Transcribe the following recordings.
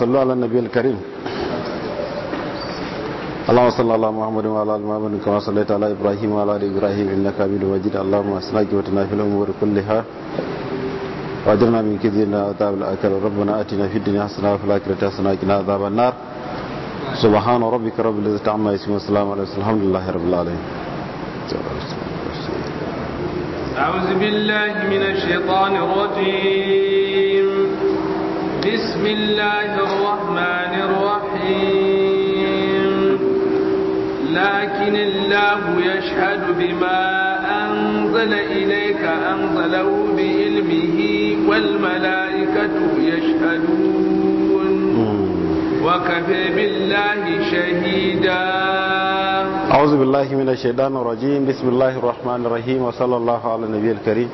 صلوا على النبي الكريم اللهم صل على محمد وعلى ال محمد كما صليت على ابراهيم وعلى ال ابراهيم انك حميد مجيد اللهم اصلح جوتنا في الامور كلها واجرنا من كذبنا وعذاب الاخره ربنا اتنا في الدنيا حسنه وفي الاخره حسنه وقنا عذاب النار سبحان ربك رب العزه عما يصفون وسلام على الحمد لله رب العالمين أعوذ بالله من الشيطان الرجيم بسم الله الرحمن الرحيم لكن الله يشهد بما أنزل إليك أنزله بعلمه والملائكة يشهدون وكفى بالله شهيدا أعوذ بالله من الشيطان الرجيم بسم الله الرحمن الرحيم وصلى الله على النبي الكريم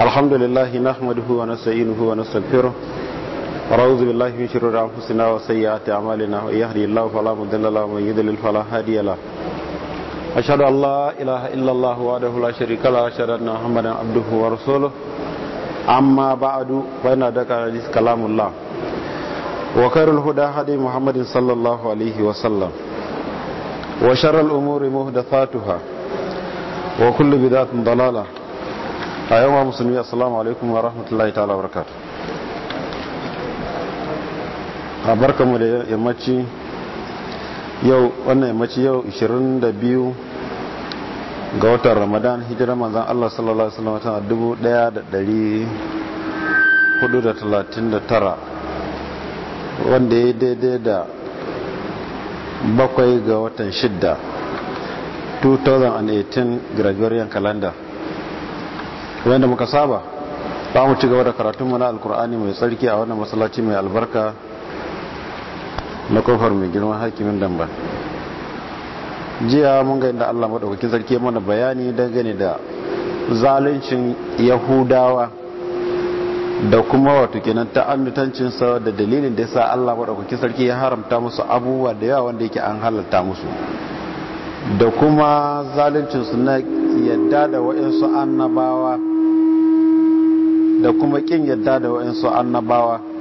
الحمد لله نحمده ونستعينه ونستغفره ونعوذ بالله من شرور أنفسنا وسيئات أعمالنا من يهدي الله فلا مضل له ومن يضلل فلا هادي له أشهد أن لا إله إلا الله وحده لا شريك له أشهد أن محمدا عبده ورسوله أما بعد فإن أدرك الحديث كلام الله وخير الهدى هدي محمد صلى الله عليه وسلم وشر الأمور محدثاتها وكل بدعة ضلالة أيها المسلمين السلام عليكم ورحمة الله تعالى وبركاته a barkamu da yammaci yau wannan yammaci yau 22 ga watan ramadan hijira manzan allah sallallahu alaihi wasallam tana tara wanda ya daidai da bakwai ga watan shidda 2018 gregorian calendar wanda muka saba ba mu ci gaba da karatunmu na alkur'ani mai tsarki a wannan masalaci mai albarka na kofar mai girman hakimin damba jiya mun ga inda Allah madaukakin sarki mana bayani dangane da zaluncin yahudawa da kuma wato kenan ta'annutancin sa da dalilin da ya sa Allah madaukakin sarki ya haramta musu abubuwa da yawa wanda yake an halalta musu da kuma zaluncin su na yadda da wa'insu annabawa da kuma kin yadda da wa'insu annabawa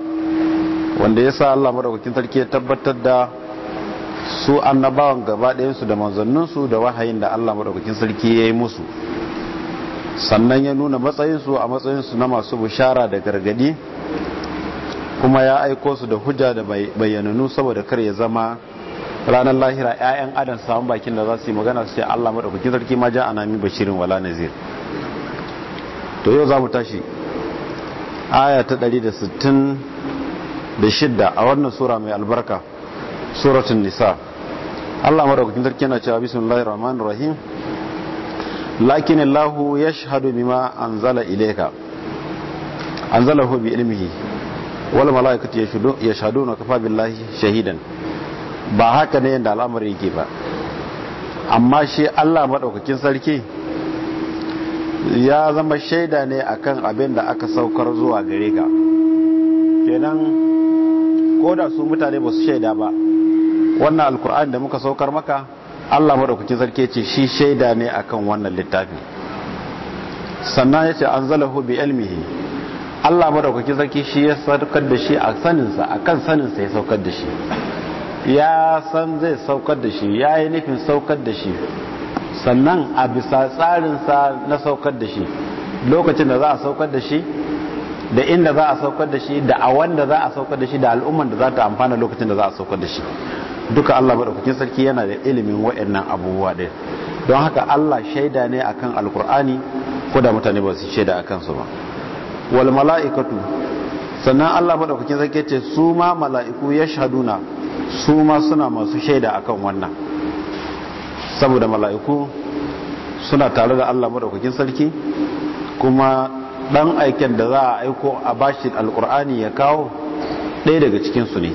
wanda ya sa Allah madaukakin sarki ya tabbatar da su annabawan gaba ɗayansu da manzanninsu da wahayin da Allah madaukakin sarki ya yi musu sannan ya nuna matsayinsu a matsayinsu na masu bishara da gargadi kuma ya aiko su da hujja da bayyananu saboda kar ya zama ranar lahira 'ya'yan adam samun bakin da za su yi magana su ce Allah madaukakin sarki ma ja anami bashirin wala nazir to yau za mu tashi aya ta 160 da shidda a wannan sura mai albarka suratun nisa Allah madaukakin sarki yana cewa bismillahir rahmanir rahim lakin Allah yashhadu bima anzala ilayka anzalahu bi ilmihi wal malaikatu yashhaduna kafa billahi shahidan ba haka ne da al'amari yake ba amma shi Allah madaukakin sarki ya zama shaida ne akan abin da aka saukar zuwa gare ka kenan ko da su mutane ba su shaida ba wannan alkur'an da muka saukar maka Allah madaukakin sarki ce shi shaida ne akan wannan littafi sannan ya ce an zala Hubi ilmihi Allah madaukakin sarki shi ya saukar da shi a saninsa akan saninsa ya saukar da shi ya san zai saukar da shi ya yi nufin saukar da shi sannan a bisa tsarinsa na saukar da shi lokacin da za a saukar da shi da inda za a saukar da shi da a wanda za a saukar da shi da al'umman da za ta amfana lokacin da za a saukar da shi duka Allah madaukakin sarki yana da ilimin wa'annan abubuwa ɗaya don haka Allah shaida ne akan alkur'ani ko da mutane ba su shaida akan su ba wal mala'ikatu sannan Allah madaukakin sarki ce su ma mala'iku yashhaduna su ma suna masu shaida akan wannan saboda mala'iku suna tare da Allah madaukakin sarki kuma dan aiken da za a aiko a bashi alkur'ani ya kawo ɗaya daga cikinsu ne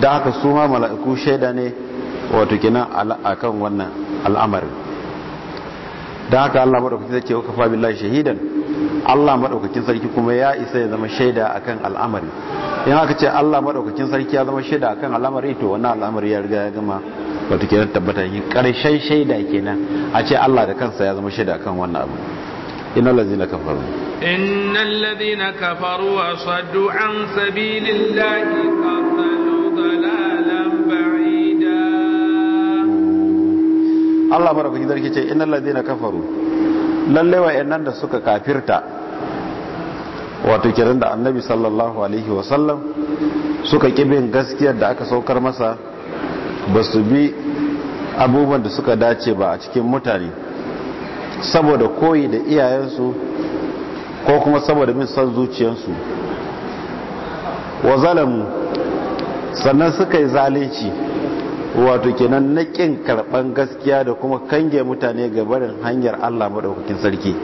da haka su ma mala'iku shaida ne wato kenan akan wannan al'amarin da haka Allah madaukakin sarki wa kafa billahi shahidan Allah madaukakin sarki kuma ya isa ya zama shaida akan al'amari in haka ce Allah madaukakin sarki ya zama shaida akan al'amari to wannan al'amari ya riga ya gama wato kina tabbata yin karshen shaida kenan a ce Allah da kansa ya zama shaida akan wannan abu إن الذين كفروا إن الذين كفروا وصدوا عن سبيل الله قتلوا ضلالا بعيدا الله بارك فيك إن الذين كفروا lalle wa'annan da suka kafirta wato kiran da annabi sallallahu alaihi wasallam suka kibin gaskiyar da aka saukar masa ba su bi abubuwan da suka dace ba a cikin mutane saboda koyi da iyayensu ko kuma saboda min san zuciyarsu wa zalamu sannan suka yi zalunci wato kenan na ƙin karɓan gaskiya da kuma kange mutane ga barin hanyar Allah maɗaukakin sarki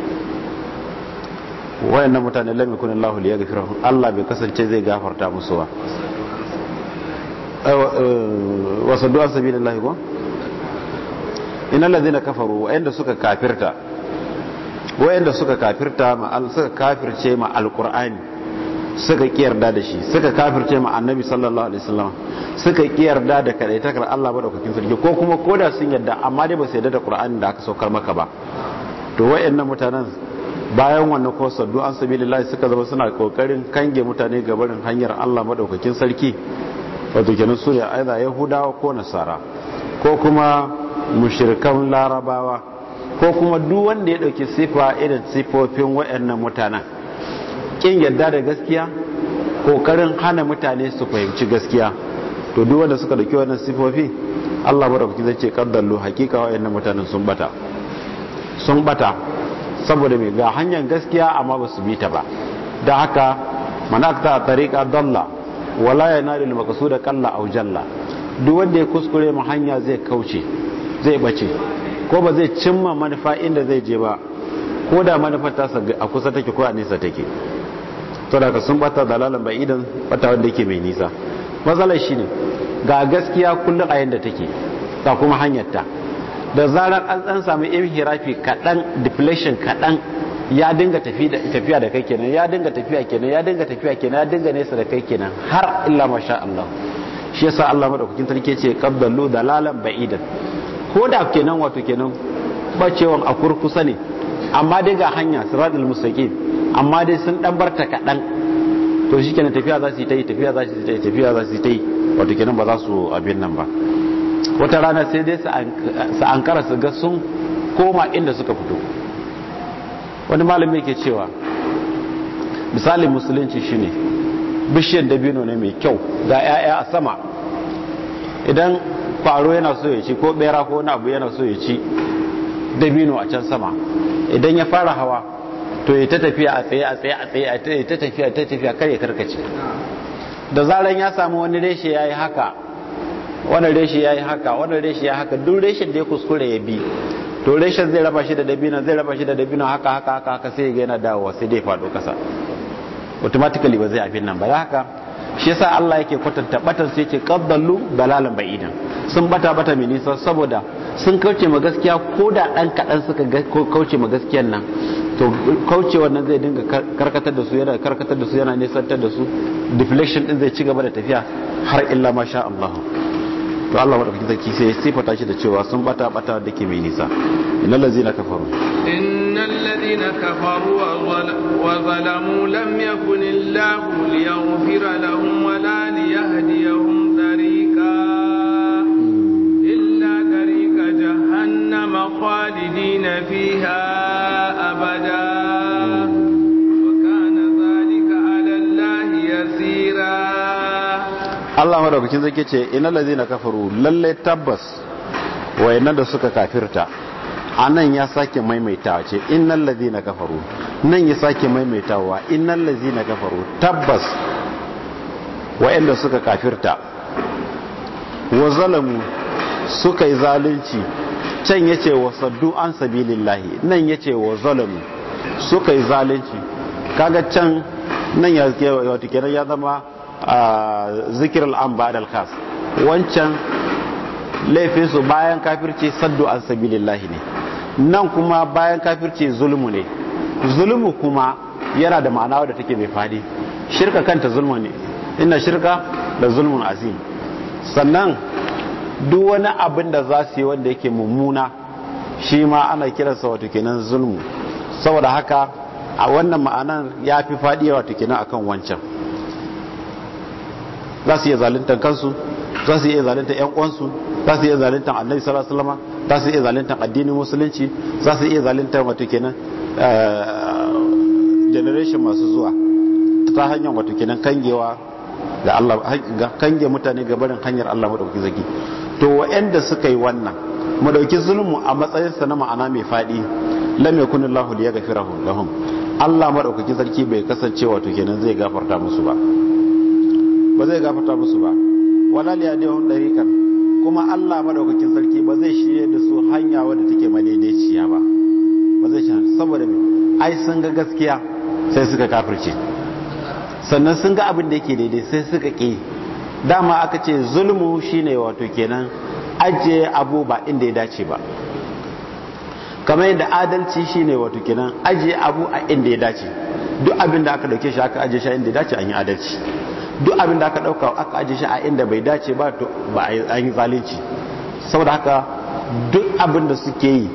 wayannan mutane lam yakun Allah li yaghfirahum Allah bai kasance zai gafarta musu ba eh, wa saddu an sabilillahi ko innal ladhina kafaru inda suka kafirta wayanda suka kafirta suka kafirce ma alqur'ani suka kiyarda da shi suka kafirce ma annabi sallallahu alaihi wasallam suka kiyarda da kadaitakar Allah madaukakin sarki ko kuma koda sun yarda amma dai ba su yarda da qur'ani da aka saukar maka ba to wayannan mutanen bayan wannan ko saddu an sabilillahi suka zama suna kokarin kange mutane ga barin hanyar Allah madaukakin sarki wato kenan su ne aiza yahudawa ko nasara ko kuma mushrikan larabawa ko kuma duk wanda ya ɗauki sifa irin sifofin waɗannan mutanen kin yadda da gaskiya kokarin hana mutane su fahimci gaskiya to duk wanda suka ɗauki wannan sifofi Allah madaukaki zai ce kaddallo hakika waɗannan mutanen sun bata sun bata saboda mai ga hanyar gaskiya amma ba su bi ta ba da haka manakta tariqa dalla wala yanalu al-maqsuda qalla aw jalla duk wanda ya kuskure mu hanya zai kauce zai bace ko ba zai cimma manufa inda zai je ba ko da manufar ta a kusa take ko a nesa take to da sun bata dalalan bai idan bata wanda yake mai nisa matsalar shine ga gaskiya kullum a yanda take ga kuma hanyar ta da zarar an san samu hirafi kadan deflation kaɗan ya dinga tafiya da kai kenan ya dinga tafiya kenan ya dinga tafiya kenan ya dinga nesa da kai kenan har illa masha Allah shi yasa Allah madaukakin sarki ce qabdalu dalalan ba'idan ko da kenan wato kenan bacewan a kurkusa ne amma dai ga hanya siratul mustaqim amma dai sun dan barta kadan to shikenan tafiya za su yi ta yi tafiya za su yi ta yi tafiya za su yi ta yi wato kenan ba za su abin nan ba wata rana sai dai su ankara su ga sun koma inda suka fito wani malami yake cewa misalin musulunci shine bishiyar dabino ne mai kyau ga 'ya'ya a sama idan kwaro yana so ya ci ko bera ko wani abu yana so ya ci dabino a can sama idan ya fara hawa to ya ta tafiya a tsaye a tsaye a tsaye a ta tafiya ta tafiya kar ya karkace da zaran ya samu wani reshe ya yi haka wani reshe ya yi haka wani reshe ya haka duk reshen da ya kuskure ya bi to reshen zai raba shi da dabino zai raba shi da dabino haka haka haka haka sai ga yana dawowa sai dai faɗo ƙasa automatically ba zai abin nan ba haka shi yasa Allah yake kwatanta batan sai yake qaddalu balalan ba'idan sun bata bata mai nisa saboda sun kauce ma gaskiya ko da ɗan kaɗan suka kauce ma gaskiyan nan to kauce wannan zai dinga karkatar da su yana karkatar da su yana nisantar da su deflection din zai ci gaba da tafiya har illa ma sha Allah to Allah madaukakin sarki sai sifata shi da cewa sun bata bata da ke mai nisa innal ladzina kafaru innal ladzina kafaru wa zalamu lam yakun illahu liyaghfira lahum wa la liyahdiyahum خالدين فيها أبدا وكان ذلك على الله يسيرا الله رب كنت ce ina الذين kafaru للي tabbas وإن da suka kafirta anan ya sake maimaitawa ce innal ladina kafaru nan ya sake maimaitawa innal ladina kafaru tabbas wayanda suka kafirta wa zalamu suka yi zalunci can ya ce wa saddu an sabilillahi nan ya ce wa zalamu suka yi zalunci kaga can nan ya wata kenan ya zama zikir al'an da kas wancan laifinsu bayan kafirci saddu an sabilillahi ne nan kuma bayan kafirci zulmu ne zulmu kuma yana da ma'ana da take mai fadi shirka kanta zulmu ne inna shirka da zulmun azim sannan duk wani abin da za su yi wanda yake mummuna shi ma ana kiransa wato kenan zulmu saboda haka a wannan ma'anan ya fi faɗi wato kenan akan wancan za su iya zaluntar kansu za su iya zaluntar yan uwansu za su iya zaluntar annabi sallallahu alaihi wasallam za su iya zaluntar addinin musulunci za su iya zaluntar wato kenan eh, generation masu zuwa ta hanyar wato kenan kangewa da Allah kange mutane ga barin hanyar Allah madaukakin zaki to wa'anda suka yi wannan mu dauki zulmu a matsayin sa na ma'ana mai fadi lam yakunillahu yaghfirahu lahum Allah madaukakin sarki bai kasance wato kenan zai gafarta musu ba ba zai gafarta musu ba wala liyadihum dariqan kuma Allah madaukakin sarki ba zai shirye da su hanya wadda take madaidaiciya ba ba zai shi saboda me ai sun ga gaskiya sai suka kafirce sannan sun ga abin da yake daidai sai suka ke dama aka ce zulmu shine wato kenan ajiye abu ba inda ya dace ba kamar yadda adalci shine wato kenan ajiye abu a inda ya dace duk abin da aka dauke shi aka ajiye shi a inda ya dace an yi adalci duk abin da aka dauka aka ajiye shi a inda bai dace ba to ba anyi yi zalunci saboda haka duk abin da suke yi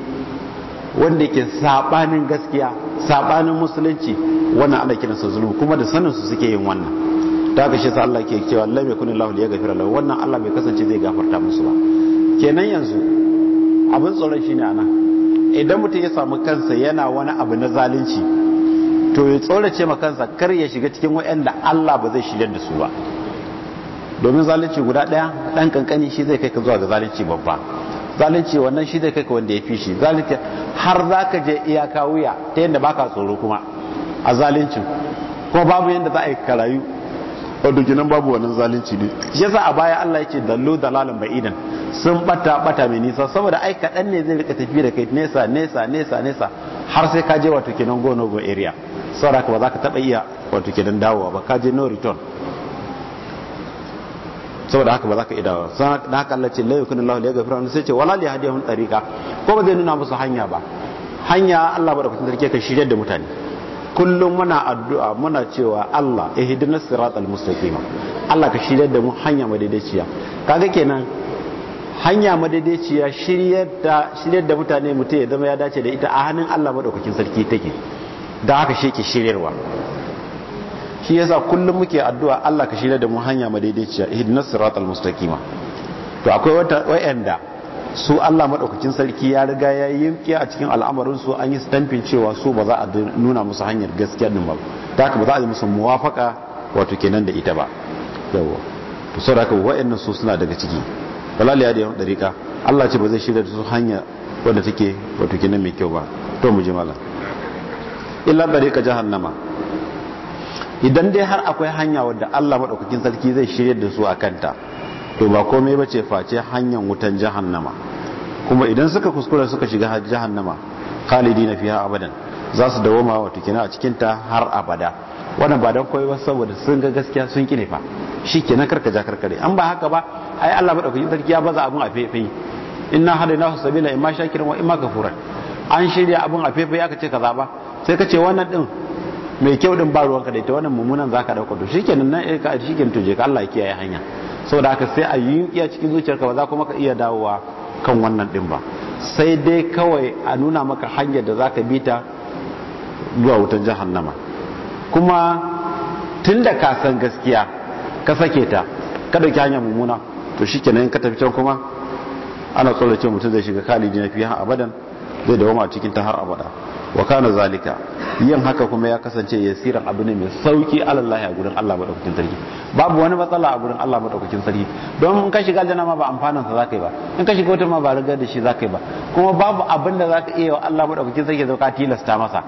wanda ke sabanin gaskiya sabanin musulunci wannan ana kiransa zulmu kuma da sanin su suke yin wannan ta fi shi sa Allah ke cewa Allah bai kunin da ya gafira lahu wannan Allah bai kasance zai gafarta musu ba kenan yanzu abin tsoron a anan idan mutum ya samu kansa yana wani abu na zalunci to ya tsorace ma kansa kar ya shiga cikin wayanda Allah ba zai shigar da su ba domin zalunci guda daya dan kankani shi zai kai ka zuwa ga zalunci babba zalunci wannan shi zai kai ka wanda ya fi shi zalunci har za ka je iyaka wuya ta yadda baka tsoro kuma a zaluncin ko babu yadda za a yi karayu wato nan babu wannan zalunci ne yasa a baya Allah yake dallo dalalan ba'idan sun bata bata mai nisa saboda ai kaɗan ne zai rika tafi da kai nesa nesa nesa nesa har sai ka je wato kinan go no go area saboda ka ba za ka taba iya wato kinan dawowa ba ka je no return saboda haka ba za ka iya dawowa sai haka Allah ce la yakunu Allah la yaghfiru sai ce wala li hadiyahum tariqa ko ba zai nuna musu hanya ba hanya Allah ba da kusan sarki ka shirye da mutane kullum muna addu'a muna cewa Allah ihdinas siratal mustaqim Allah ka shiryar da mu hanya madaidaiciya kaga kenan hanya madaidaiciya shiryar da shiryar da mutane mutum ya zama ya dace da ita a hannun Allah madaukakin sarki take da haka shi ke shiryarwa shi yasa kullum muke addu'a Allah ka shiryar da mu hanya madaidaiciya ihdinas siratal mustaqim to akwai wata wayanda su Allah madaukakin sarki ya riga ya yi a cikin al'amarin su an yi stampin cewa su ba za a nuna musu hanyar gaskiyar din ba ta haka ba za a yi musu muwafaka wato kenan da ita ba yawa to sai haka wa'annan su suna daga ciki balal ya da yawan dariƙa Allah ce ba zai shirya da su hanya wanda take wato kenan mai kyau ba to mu ji malam illa dariƙa jahannama idan dai har akwai hanya wadda Allah madaukakin sarki zai shirya da su a kanta to ba komai ba ce face hanyar wutan jahannama kuma idan suka kuskura suka shiga jahannama khalidi na fiya abadan za su dawoma wato kina a cikinta har abada wannan ba don koyi ba saboda sun ga gaskiya sun kine fa ke na ja karkare an ba haka ba ai Allah madaukakin sarki ya baza abun a fefe inna hadaynahu sabila imma shakiran wa imma kafuran an shirya abun a fefe aka ce kaza ba sai ka ce wannan din mai kyau din ba ruwanka da ita wannan mummunan za ka dauka to shi shikenan nan eh, ka shikenan to je ka Allah ya kiyaye hanya Sau da aka sai a yi iya cikin zuciyarka ba za kuma ka iya dawowa kan wannan din ba sai dai kawai a nuna maka hanyar da za ka bi ta zuwa wutan jahannama kuma tun da ka san gaskiya ka sake ta ka ɗauki hanyar mummuna to shi ke ka tafi can kuma ana tsorace mutum zai shiga kali na har abadan zai dawoma cikin ta har abada wa kana zalika yin haka kuma ya kasance ya yasiran abu ne mai sauki alallahi a gurin Allah madaukakin sarki babu wani matsala a gurin Allah madaukakin sarki don in ka shiga aljanna ma ba amfanin sa zakai ba in ka shiga wutar ma ba riga da shi zakai ba kuma babu abin da zaka iya wa Allah madaukakin sarki da ka tilasta masa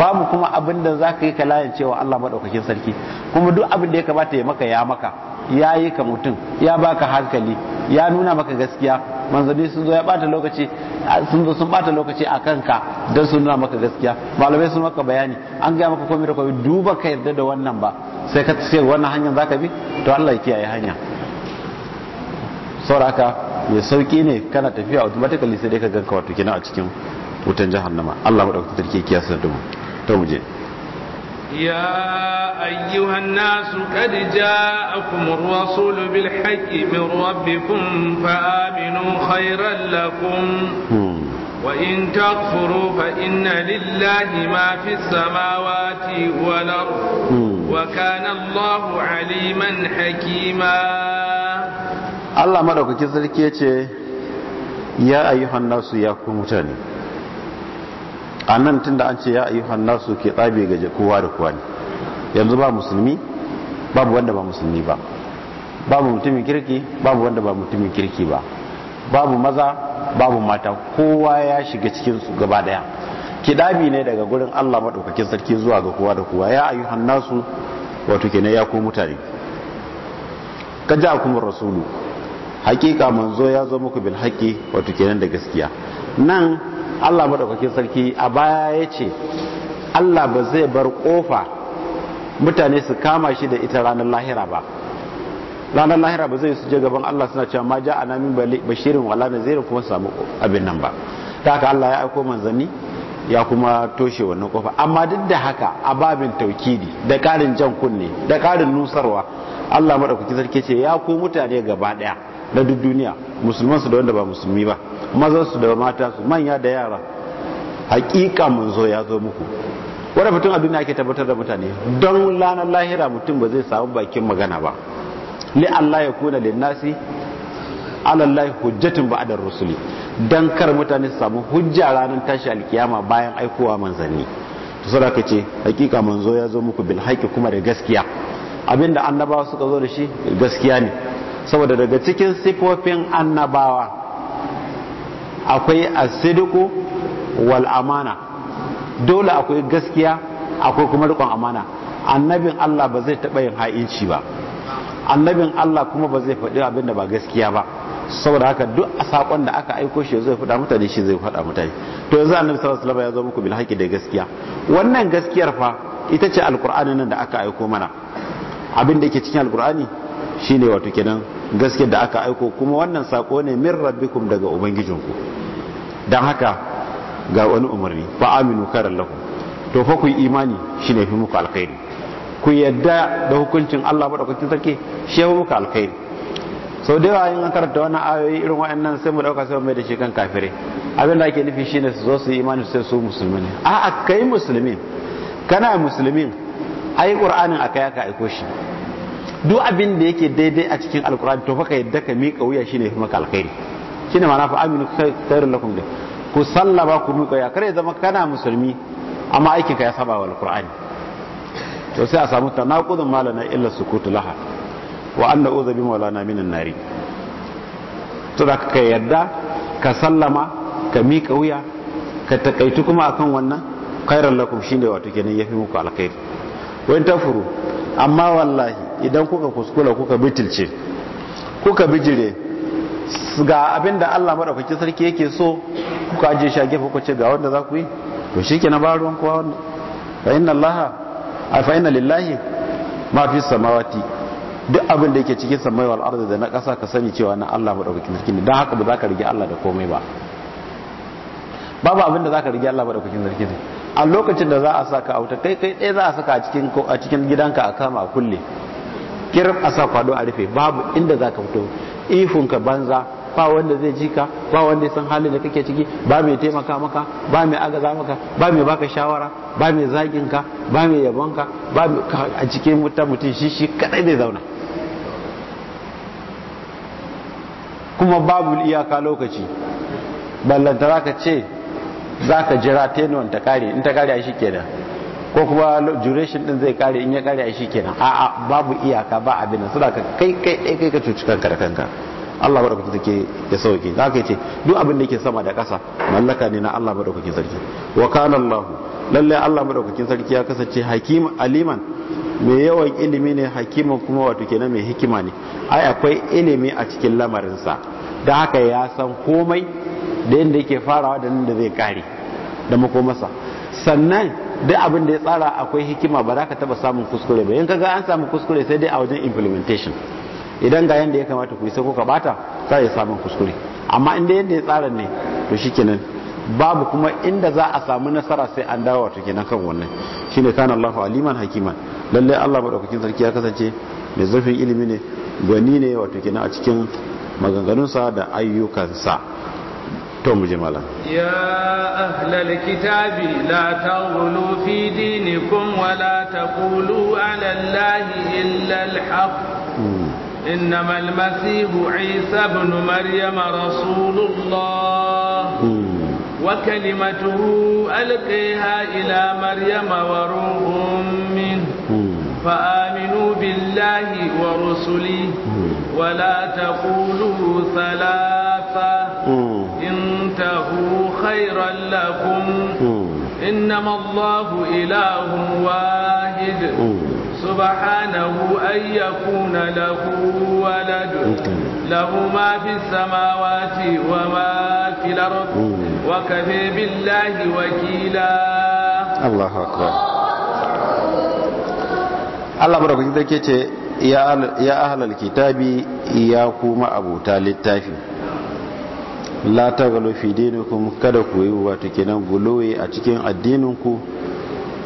babu kuma abin da zaka yi ka layance wa Allah madaukakin sarki kuma duk abin da ya kamata ya maka ya maka ya yi ka mutum ya baka hankali ya nuna maka gaskiya manzanni sun zo ya bata lokaci sun zo sun bata lokaci a kanka don sun nuna maka gaskiya malamai sun maka bayani an gaya maka komai da komai duba ka yarda da wannan ba sai ka ce wannan hanyar zaka bi to Allah ya kiyaye hanya sauraka mai sauki ne kana tafiya automatically sai dai ka ganka wato kina a cikin wutan jahannama Allah madaukakin dauki ya kiyasa da mu to mu je يا أيها الناس قد جاءكم الرسول بالحق من ربكم فآمنوا خيرا لكم وإن تغفروا فإن لله ما في السماوات والأرض وكان الله عليما حكيما الله مدوكي سلكي يا أيها الناس يا كم a nan tun da an ce ya ayyuhan nasu ke tsabe ga kowa da kowa ne yanzu ba musulmi babu wanda ba musulmi ba babu mutumin kirki babu wanda ba mutumin kirki ba babu maza babu mata kowa ya shiga cikin su gaba daya kidabi ne daga gurin Allah madaukakin sarki zuwa ga kowa da kowa ya ayyuhan nasu wato kenan ya ku mutane kuma rasulu hakika manzo ya zo muku bil haqqi wato kenan da gaskiya nan Allah madaukakin sarki a baya ya ce Allah ba zai bar kofa mutane su kama shi da ita ranar lahira ba ranar lahira ba zai suje gaban Allah suna cewa ma ja ana min bashirin wala nazirin kuma samu abin nan ba ta haka Allah ya aiko manzanni ya kuma toshe wannan kofa amma duk da haka a babin taukidi da karin jan kunne da karin nusarwa Allah madaukakin sarki ce ya ku mutane gaba daya na duk duniya musulman su da wanda ba musulmi ba mazan su da mata su manya da yara hakika zo ya zo muku wanda mutum a duniya ake tabbatar da mutane don lanar lahira mutum ba zai samu bakin magana ba li Allah ya kuna lin nasi alallahi hujjatun da rusuli dan kar mutane su samu hujja ranar tashi alkiyama bayan aikowa manzanni to sadaka ce hakika manzo ya zo muku bilhaki kuma da gaskiya abinda annabawa suka zo da shi gaskiya ne saboda daga cikin sifofin annabawa akwai asiduku wal amana dole akwai gaskiya akwai kuma rikon amana annabin Allah ba zai taɓa yin ha'inci ba annabin Allah kuma ba zai faɗi abin da ba gaskiya ba saboda haka duk a saƙon da aka aiko shi zai faɗa mutane shi zai faɗa mutane to yanzu annabi sallallahu alaihi wasallam ya zo muku bil da gaskiya wannan gaskiyar fa ita ce alqur'ani nan da aka aiko mana abin da yake cikin alqur'ani Shi ne wato kenan gaske da aka aiko kuma wannan sako ne min rabbikum daga ubangijinku don haka ga wani umarni ba aminu karar lafi to fa ku imani ne fi muku alkhairi ku yadda da hukuncin Allah madaukakin sarki shi ya muku alkhairi sau da yawa yin an karanta wannan ayoyi irin wa'annan sai mu dauka sai mai da shi kan kafire abin da ake nufi shine su zo su yi imani sai su musulmi ne a'a kai musulmi kana musulmi ai qur'anin akai aka aiko shi duk abin da yake daidai a cikin alkur'ani to fa ka yadda ka miƙa wuya shine fi maka alkhairi shine ma'ana fa aminu khairul lakum da ku sallaba ku miƙa ya kare zama kana musulmi amma aikin ka ya saba wa alkur'ani to sai a samu tanaqudun malana illa sukutu laha wa anna uza bi maulana minan nari to da ka yadda ka sallama ka miƙa wuya ka takaitu kuma akan wannan khairan lakum shine wato kenan yafi muku alkhairi wa in tafuru amma wallahi idan kuka kuskura kuka bitilce kuka bijire ga abin da Allah madaukakin sarki yake so kuka aje shi a gefe ku ce ga wanda za ku yi to na ba ruwan kowa wanda fa inna Allah fa inna lillahi ma fi samawati duk abin da yake cikin samai wal ardi da na ƙasa ka sani cewa na Allah madaukakin sarki ne dan haka ba za ka rige Allah da komai ba babu abin da za ka rige Allah madaukakin sarki ne a lokacin da za a saka a wuta kai kai ɗaya za a saka a cikin gidanka a kama a kulle kirf a sa kwado a rufe babu inda za ka fito ifinka banza ba wanda zai ji ka ba wanda ya san halin da kake ciki ba mai taimaka maka ba mai agaza maka ba mai baka shawara ba mai zagin ka ba mai yabon ka ba a cikin wuta mutum shi shi kadai zai zauna kuma babu iyaka lokaci ballantara ka ce za ka jira tenuwan ta kare in ta kare shi kenan ko kuma duration din zai kare in ya kare kenan a a babu iyaka ba abin nan saboda kai kai kai kai ka cuci kanka da kanka Allah madaukaki take ya sauke za ka ce duk abin da yake sama da ƙasa mallaka ne na Allah madaukakin sarki wa kana Allah lalle Allah madaukakin sarki ya kasance hakim aliman mai yawan ilimi ne hakiman kuma wato kenan mai hikima ne ai akwai ilimi a cikin lamarin sa da haka ya san komai da yadda yake farawa da nan da zai kare da makomasa sannan duk abin da ya tsara akwai hikima ba za ka taba samun kuskure ba yin ka ga an samu kuskure sai dai a wajen implementation idan ga yanda ya kamata ku yi sai kuka bata za a samun kuskure amma inda yadda ya tsara ne to shikenan babu kuma inda za a samu nasara sai an dawo wato kenan kan wannan shi ne kana Allahu aliman hakiman lallai Allah madaukakin sarki ya kasance mai zurfin ilimi ne gwani ne wato kenan a cikin maganganunsa da ayyukansa to mu je malam ya ahlal kitabi la taghlu fi dinikum wa la taqulu ala allahi illa alhaq إنما المسيح عيسى بن مريم رسول الله وكلمته ألقيها إلى مريم وروح منه فآمنوا بالله ورسله ولا تقولوا ثلاثة انتهوا خيرا لكم إنما الله إله واحد سبحانه أن يكون له ولد له ما في السماوات وما في الأرض وكفي بالله وكيلا الله أكبر الله بركاته ya ahlal kitabi ya kuma abuta littafi la taghlu fi dinikum kada ku yi wato kenan guluwi a cikin addininku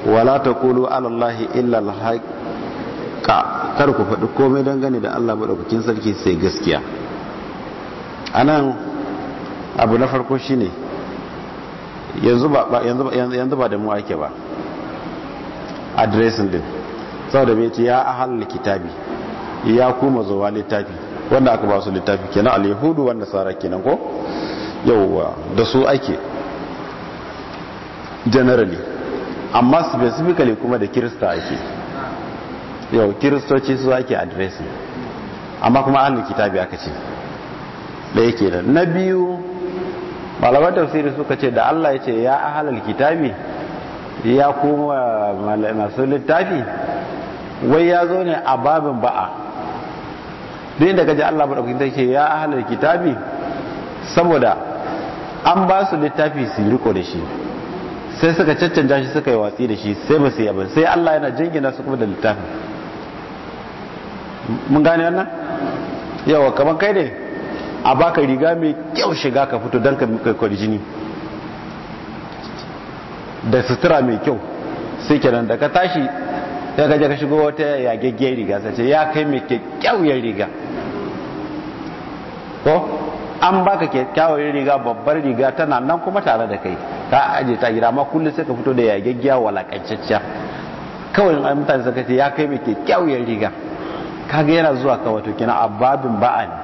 wala taqulu ala allah illa haqq kar ku faɗi komai dangane da Allah madaukakin sarki sai gaskiya anan abu na farko shine yanzu ba yanzu ba da mu ake ba addressing din saboda me ya ahal kitabi ya kuma zuwa littafi wanda aka ba su littafi kenan al-yahudu wan nasara kenan ko yauwa da su ake generally amma specifically kuma da kirista ake yau kiristoci su ake addressing amma kuma ahlul kitabi aka ce da yake da na biyu malaman tafsiri suka ce da Allah ya ce ya ahlul kitabi ya kuma masu littafi wai ya zo ne a babin ba'a duk inda gaji Allah madaukakin take ya ahlul kitabi saboda an ba su littafi su riko da shi sai suka caccanta shi suka yi watsi da shi sai ba su abin sai Allah yana jingina su kuma da littafin mun gane wannan yawa kamar kai ne a baka riga mai kyau shiga ka fito don ka jini da sutura mai kyau sai kenan da ka tashi sai ka je ka shigo wata yagaggiyar riga sai ce ya kai mai kyakkyawar riga ko an baka kyakkyawar riga babbar riga tana nan kuma tare da kai ka aje ta gida amma kullum sai ka fito da yagaggiya walakancacciya kawai an mutane suka ce ya kai mai kyakkyawar riga kaga yana zuwa ka wato kina ababin ba'a ne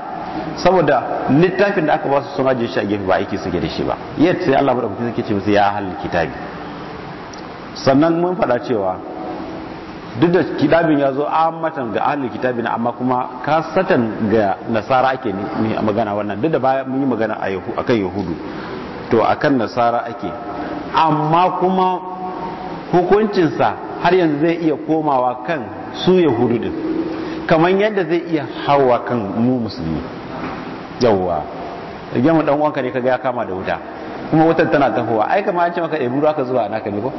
saboda littafin da aka ba su suna jin shi a gefe ba aiki suke da shi ba yadda sai Allah kuke suke ce musu ya halin kitabi sannan mun faɗa cewa duk da kitabin ya zo ammatan ga ahli kitabin amma kuma kasatan ga nasara ake ne a magana wannan duk da baya mun yi magana a kan yahudu to akan nasara ake amma kuma hukuncinsa har yanzu zai iya komawa kan su yahudu din kamar yadda zai iya hawa kan mu musulmi yawwa rige mu dan uwanka ne kaga ya kama da wuta kuma wutar tana tafowa ai kamar an ce maka ebu eh, ka zuwa naka ne ko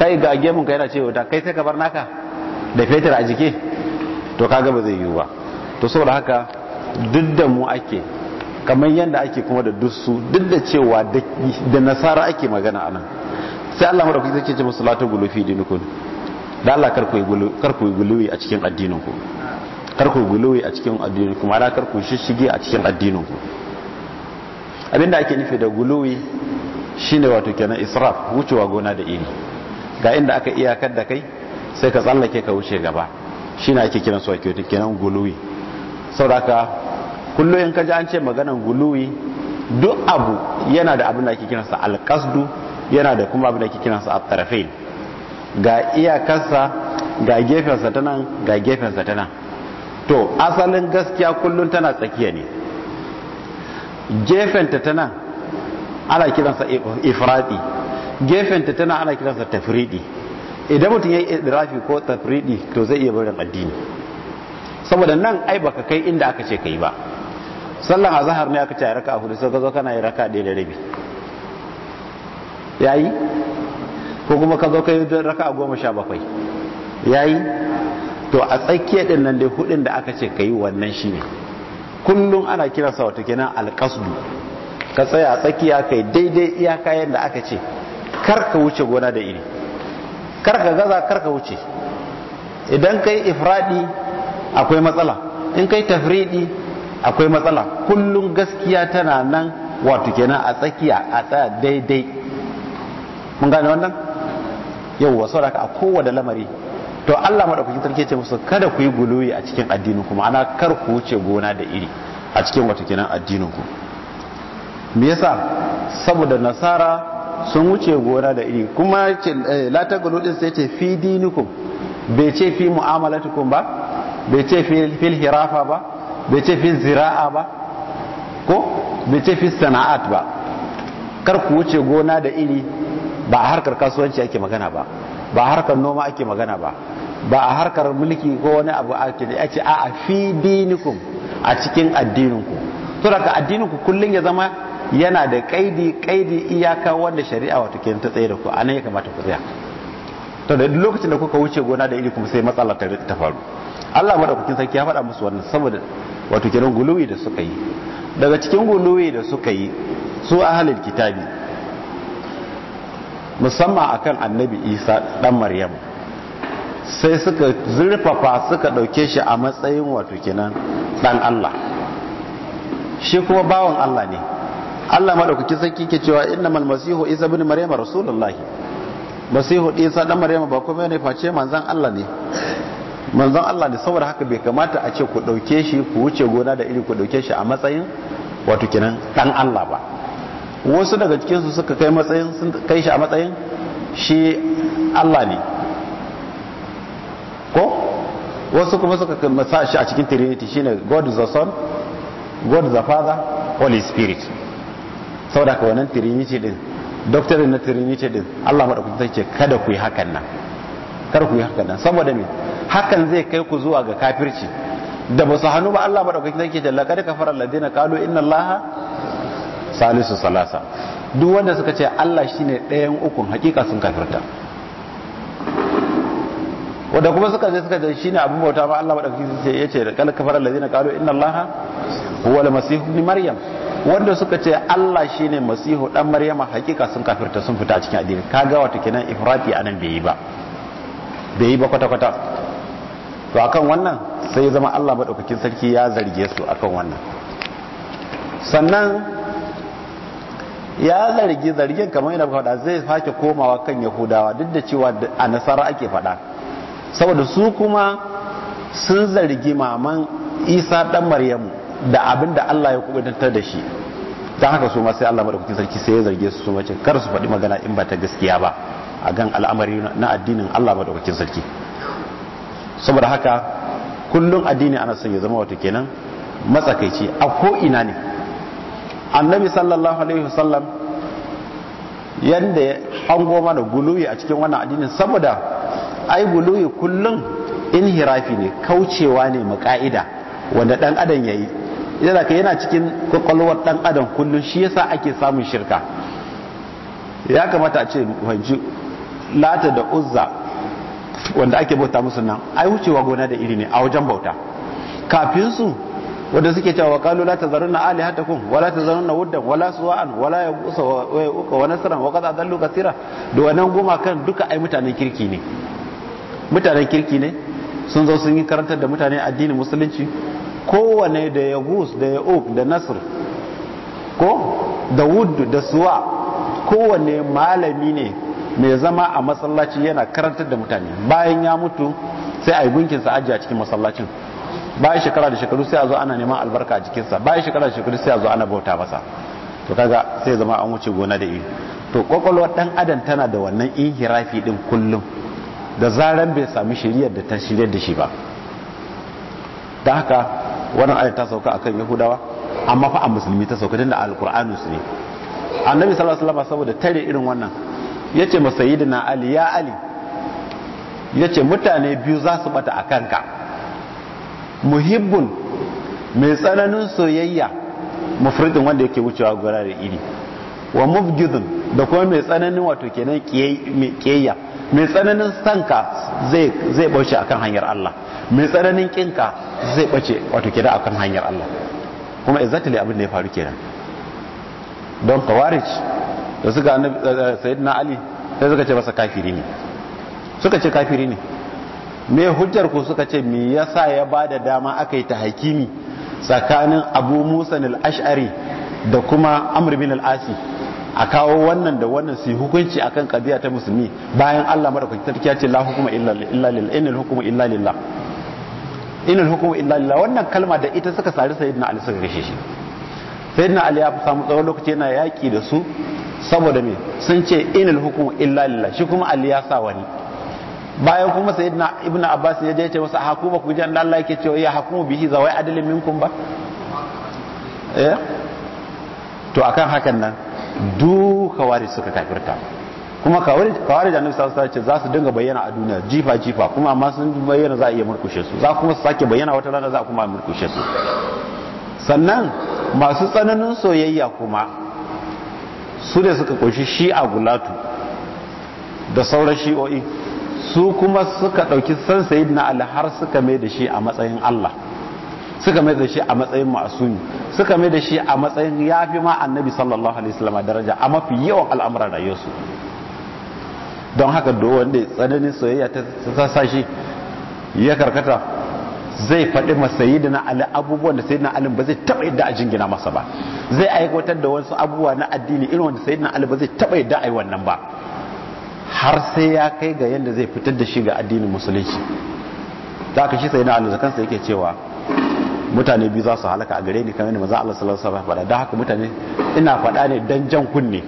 kai ga gemun ka yana ce wuta kai sai ka bar naka da fetur a jiki to kaga ba zai yiwu ba to saboda haka duk da mu ake kamar yadda ake kuma da dusu duk da cewa da nasara ake magana anan sai Allah mu da kuke ce musu la gulufi da dinikum da Allah kar ku yi guluwi a cikin addinin ku kar ku yi a cikin addinin ku ma'ana kar ku shishige a cikin addinin ku abinda ake nufi da guluwi shine wato kenan israf wucewa gona da iri ga inda aka iyakar da kai sai ka tsallake ka wuce gaba shi na ake kiran su a kyoto kenan guluwi sauraka kullum in ka ji an ce maganan guluwi duk abu yana da abin da ake kiransa alƙasdu yana da kuma abin da ake kiransa atarafin ga iyakarsa ga gefensa ta nan ga gefensa ta nan to asalin gaskiya kullum tana tsakiya ne gefenta ta nan ana kiransa ifradi gefenta tana ana kiransa tafridi idan mutum ya yi idrafi ko tafridi to zai iya barin addini saboda nan ai baka kai inda aka ce kai ba sallan azhar ne aka ce a raka hudu sai ka zo kana yi raka ɗaya da rabi yayi ko kuma ka zo ka yi raka goma sha bakwai yayi to a tsakiyar din nan dai hudun da aka ce ka yi wannan shi ne kullum ana kira sa wata kenan alƙasdu ka tsaya a tsakiya kai daidai iyaka yadda aka ce kar ka wuce gona da iri karka ka gaza kar ka wuce idan kai ifradi akwai matsala in kai tafridi akwai matsala kullum gaskiya tana nan wato kenan a tsakiya a tsaya daidai mun gane wannan Yau wasu saboda a kowane lamari to Allah madaukakin sarki ce musu kada ku yi guluwi a cikin addinin kuma ana kar ku wuce gona da iri a cikin wato kenan addinin ku me yasa saboda nasara sun wuce gona da iri kuma eh, la tagulu din sai ce fi dinikum bai ce fi mu'amalatukum ba bai ce fil hirafa ba bai ce fi zira'a ba ko bai ce fi sana'at ba kar ku wuce gona da iri ba a harkar kasuwanci ake magana ba ba a harkar noma ake magana ba ba a harkar mulki ko wani abu ake da ce a fi dinikum a cikin addininku to daga addininku kullum ya zama yana da kaidi kaidi iyaka wanda shari'a wato ke ta tsaye da ku nan ya kamata ku tsaya to da lokacin da kuka wuce gona da iri kuma sai matsala ta faru Allah madaukakin sarki ya faɗa musu wannan saboda wato kiran guluwi da suka yi daga cikin guluwi da suka yi su ahlul kitabi musamman akan annabi Isa dan Maryam sai suka zurfafa suka dauke shi a matsayin wato kenan dan Allah shi kuma bawan Allah ne Allah ma dauki sarki ke cewa innamal masihu isa ibn maryam rasulullah masihu isa dan maryam ba kuma ne face manzon Allah ne manzon Allah ne saboda haka bai kamata a ce ku dauke shi ku wuce gona da iri ku dauke shi a matsayin wato kenan dan Allah ba wasu daga cikin su suka kai matsayin sun kai shi a matsayin shi Allah ne ko wasu kuma suka kai shi a cikin trinity shine god the son god the father holy spirit saboda ka wannan trinity din doktorin na trinity din Allah madaukakin sarki ce kada ku yi hakan nan kada ku yi hakan nan saboda me hakan zai kai ku zuwa ga kafirci da ba su hannu ba Allah madaukakin sarki ce laqad kafara alladhina qalu inna allaha salisu salasa duk wanda suka ce Allah shine ɗayan ukun hakika sun kafirta wanda kuma suka je suka ce shine abin bauta ma Allah madaukakin ce yace ka kafara alladhina qalu inna allaha huwa al-masih ibn maryam wanda suka ce Allah shine Masihu dan Maryama hakika sun kafirta sun fita cikin addini kaga wato kenan ifrati anan bai yi ba bai yi ba kwata kwata to akan wannan sai zama Allah madaukakin sarki ya zarge su akan wannan sannan ya zargi zargin kamar yana faɗa zai fake komawa kan Yahudawa duk da cewa a nasara ake faɗa saboda su kuma sun zargi maman Isa dan Maryamu da abin da Allah ya kubutar da shi ta haka su ma sai Allah madaukakin sarki sai ya zarge su su mace kar su faɗi magana in ba ta gaskiya ba a gan al'amari na addinin Allah madaukakin sarki saboda haka kullum addini ana son ya zama wato kenan matsakaici a ko ina ne annabi sallallahu alaihi wasallam yanda an goma da guluyi a cikin wannan addinin saboda ai guluyi kullum inhirafi ne kaucewa ne mu ka'ida wanda dan adam yayi yana ka yana cikin kwakwalwar dan adam kullum shi yasa ake samun shirka ya kamata a ce wajen lata da uzza wanda ake bauta musu nan ai wucewa gona da iri ne a wajen bauta kafin su wanda suke cewa na la tazarunna alihatakum wala tazarunna wuddan wala suwa'an wala yaqusa wa yuqa wa nasran wa qad adallu kathira da wannan goma kan duka ai mutanen kirki ne mutanen kirki ne sun zo sun yi karantar da mutane addinin musulunci kowane da ya da ya da nasir ko da wud da suwa kowane malami ne mai zama a masallaci yana karantar da mutane bayan ya mutu sai a yi gunkinsa ajiye a cikin masallacin bayan shekara da shekaru sai a zo ana neman albarka a jikinsa bayan shekara da shekaru sai a zo ana bauta masa to kaga sai zama an wuce gona da iri to kwakwalwa dan adam tana da wannan ihirafi din kullum da zaran bai sami shiriyar da ta shirya da shi ba da haka wannan ayat ta sauka akan yahudawa amma fa a musulmi ta sauka tunda alqur'anu su ne annabi sallallahu alaihi wasallam saboda tare irin wannan yace ma sayyidina ali ya ali yace mutane biyu za su bata akan ka muhibbun mai tsananin soyayya mufridin wanda yake wucewa gurare iri wa mubghidun da kuma mai tsananin wato kenan kiyayya mai tsananin sanka zai bauce a akan hanyar Allah mai tsananin kinka zai bace wato kenan akan hanyar Allah kuma exactly abin da ya faru kenan don kawarij da suka annabi eh, eh, sayyidina ali sai suka ce masa kafiri ne suka ce kafiri ne me hujjar ku suka ce me yasa ya bada dama aka yi ta hakimi tsakanin abu musa al-ash'ari da kuma amr bin al-asi a kawo wannan da wannan su hukunci akan kadiya ta musulmi bayan Allah madaukakin sarki ya ce la hukuma illa lillah inal hukuma illa lillah inal hukuma illa lillah wannan kalma da ita suka sari sayyidina Ali suka kashe shi sayyidina Ali ya samu tsawon lokaci yana yaki da su saboda me sun ce inal hukuma illa lillah shi kuma Ali ya sa wani bayan kuma sayyidina ibnu Abbas ya je ya ce masa hakuma ku ji Allah yake cewa ya hakumu bihi zawai adalin minkum ba eh to akan hakan nan Duka khawarij suka kafirta kuma kawai kawai da annabi sallallahu alaihi wasallam za su dinga bayyana a duniya jifa jifa kuma amma sun bayyana za a iya murkushe su za kuma su sake bayyana wata rana za a kuma murkushe su sannan masu tsananin soyayya kuma su da suka shi shi'a gulatu da sauran shi'o'i su kuma suka ɗauki san sayyidina ali har suka mai da shi a matsayin Allah suka mai da shi a matsayin ma'asumi suka mai da shi a matsayin ya fi ma annabi sallallahu alaihi wasallam daraja a mafi yawan al'amuran rayuwarsu don haka duk wanda tsananin soyayya ta sa shi ya karkata zai faɗi ma sayyidina ali abubuwan da sayyidina ali ba zai taɓa yadda a jingina masa ba zai aikatar da wasu abubuwa na addini irin wanda sayyidina ali ba zai taɓa yadda a yi wannan ba har sai ya kai ga yadda zai fitar da shi ga addinin musulunci da ka shi sayyidina ali zakansa yake cewa mutane biyu za su halaka a gare ni kamar yadda maza Allah sallallahu alaihi wasallam da haka mutane ina faɗa ne dan jan kunne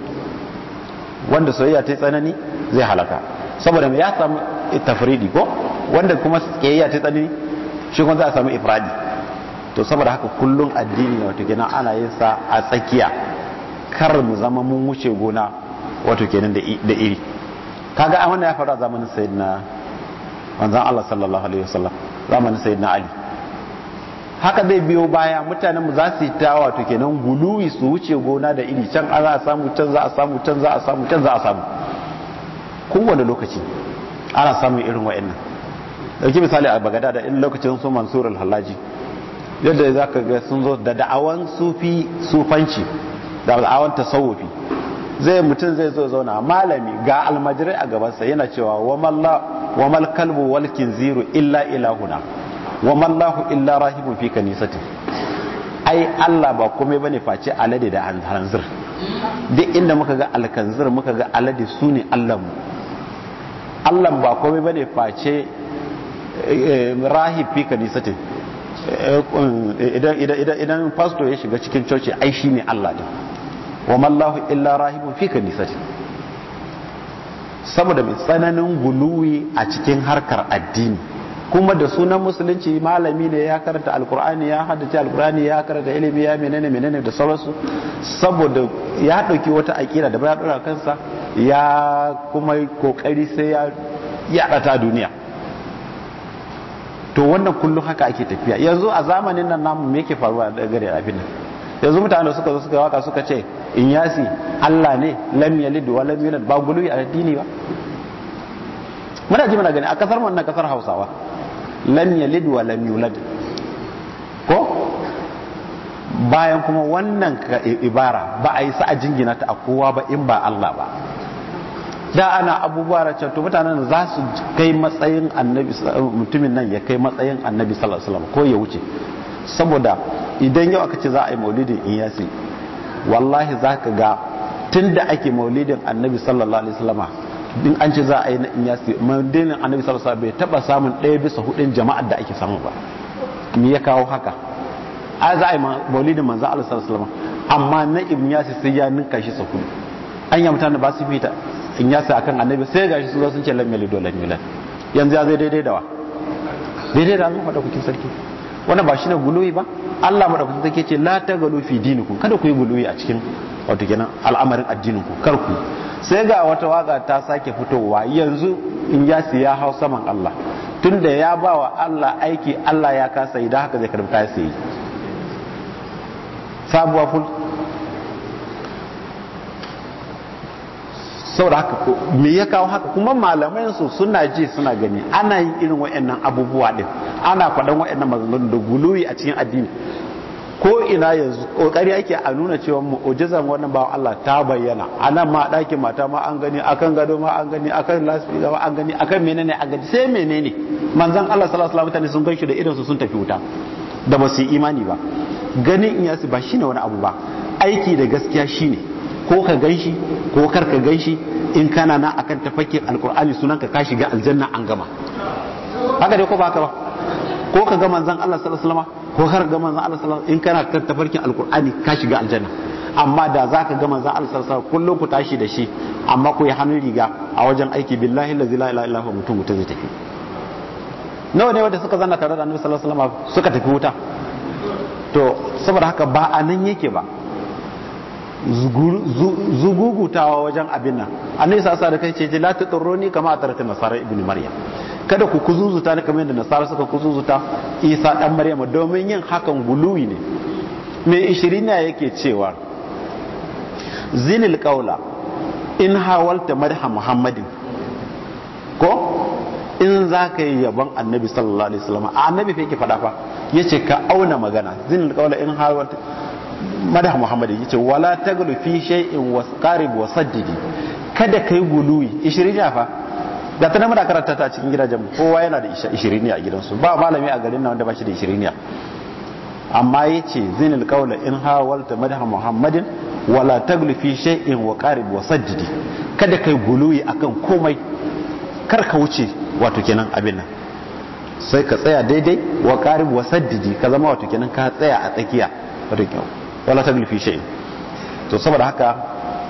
wanda soyayya ta tsanani zai halaka saboda ya samu tafridi ko wanda kuma kiyayya ta tsanani shi kuma za a samu ifradi to saboda haka kullun addini ne wato kenan ana yin sa a tsakiya kar mu zama mun wuce gona wato kenan da iri kaga a wannan ya faru a zamanin sayyidina manzon Allah sallallahu alaihi wasallam zamanin sayyidina Ali haka zai biyo baya mutanenmu za su yi ta wato kenan guluwi su wuce gona da iri can a za a samu can za a samu can za a samu can za a samu kowane lokaci ana samun irin wa'annan dauki misali a bagada da in lokacin su mansur al-halaji yadda za ka ga sun zo da da'awan sufi sufanci da da'awan tasawufi zai mutum zai zo zauna malami ga almajirai a gabansa yana cewa wa mal kalbu wal illa ilahuna wa mallahu illa rahibun fi kanisati ai Allah ba komai bane face alade da alkanzir duk inda muka ga alkanzir muka ga alade sune Allah mu. Allah ba komai bane face eh, eh, rahib fi kanisati eh, idan idan idan pastor ya shiga cikin coci ai shi ne Allah din wa mallahu illa rahibun fi kanisati saboda mai tsananin guluwi a cikin harkar addini kuma da sunan musulunci malami ne ya karanta alkur'ani ya haddace alkur'ani ya karanta ilimi ya menene menene da sauransu saboda ya dauki wata akida da ya dora kansa ya kuma kokari sai ya yada ta duniya to wannan kullum haka ake tafiya yanzu a zamanin nan namu me yake faruwa da gare abin nan yanzu mutane suka zo suka waka suka ce in yasi Allah ne lam yalid wa lam yulad ba guluyi a addini ba muna ji muna gani a kasar wannan kasar Hausawa lam yalid wa lam yulad ko bayan kuma wannan ibara ba a yi sa a jingina ta a kowa ba in ba Allah ba da ana abubuwa da cewa mutanen za su kai matsayin annabi mutumin nan ya kai matsayin annabi sallallahu alaihi ko ya wuce saboda idan yau aka ce za a yi maulidin iyasi wallahi za ka ga tun da ake maulidin annabi sallallahu alaihi wasallama din an ce za a yi na inyasi dinin annabi sallallahu alaihi bai taba samun ɗaya bisa hudun jama'ar da ake samu ba me ya kawo haka a za a yi maulidin manzo Allah sallallahu alaihi amma na inyasi sai ya ninka shi sa hudu an yi mutane ba su fita yasa akan annabi sai gashi su zo sun ce lam yalidu lam yulad yanzu ya zai daidai da wa daidai da Allah madaukakin sarki wannan ba shine guluwi ba Allah madaukakin sarki ce la tagalu fi dinikum kada ku yi guluwi a cikin wato kenan al'amarin addinin ku kar ku sai ga wata waka ta sake fitowa yanzu in ya siya hau saman Allah tunda ya ba wa Allah aiki Allah ya kasa idan haka zai karbi kasa yi sabuwa ful saboda haka me ya kawo haka kuma malamai su suna ji suna gani ana yin irin wa'annan abubuwa din ana faɗan wa'annan maganganun da guluwi a cikin addini ko ina yanzu kokari ake a nuna cewa mu'jizan wannan ba Allah ta bayyana anan ma ɗakin mata ma an gani akan gado ma an gani akan lasfika ma an gani akan menene a gaji sai menene manzon Allah sallallahu alaihi wasallam sun ganshi da irin su sun tafi wuta da ba su yi imani ba ganin in yasu ba shine wani abu ba aiki da gaskiya shine ko ka ganshi ko kar ka ganshi in kana na akan tafakkir alqur'ani sunan ka ka shiga aljanna an gama haka dai ko ba haka ba ko ka ga manzon Allah sallallahu alaihi wasallam ko har ga manzon Allah sallallahu alaihi in kana kan tafarkin alqur'ani ka shiga aljanna amma da za ka ga manzon Allah sallallahu alaihi kullum ku tashi da shi amma ku yi hannun riga a wajen aiki billahi la ilaha illa huwa mutum mutum zai tafi nawa ne wanda suka zanna tare da annabi sallallahu alaihi wasallam suka tafi wuta to saboda haka ba anan yake ba zugugutawa wajen abin nan annabi sallallahu da kai ce la tutarruni kama a atarta nasara ibn maryam kada ku kuzuzuta ni kamar yadda nasara suka kuzuzuta isa dan maryam domin yin hakan guluwi ne mai ishirina yake cewa zinil kaula in hawalta madha muhammadin ko in za ka yi yabon annabi sallallahu alaihi wasallam annabi fa yake fada fa yace ka auna magana zinil qaula in hawalta madaha muhammadin yace wala taglu fi shay'in wasqarib wa saddidi kada kai guluwi 20 fa da ta da karanta ta cikin gidajen kowa yana da 20 a gidansu ba malami a garin nan wanda ba shi da 20 amma yace zinil qawla in hawalta madaha muhammadin wala taglu fi shay'in wa qarib wa saddidi kada kai guluwi akan komai kar ka wuce wato kenan abin nan sai ka tsaya daidai wa qarib wa saddidi ka zama wato kenan ka tsaya a tsakiya wala ta fi shi to saboda haka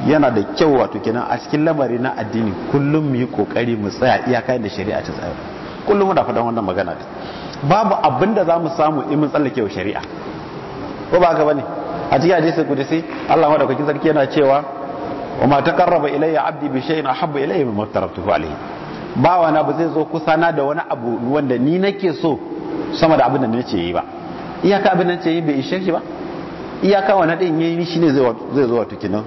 yana da kyau wato kenan a cikin lamari na addini kullum mu yi kokari mu tsaya iyaka da shari'a ta tsaya kullum muna faɗan wannan magana da babu abin da za samu in mun tsallake wa shari'a ko ba ka bane a cikin hadisi kudusi Allah madaukakin sarki yana cewa wa ma taqarraba ilayya abdi bi shay'in ahabba ilayhi mimma tarabtuhu alayhi bawa na ba zai zo kusa na da wani abu wanda ni nake so sama da abin da nake yi ba iyaka abin da nake yi bai ishe shi ba iyaka wannan din yayi shine zai zai zo wato kenan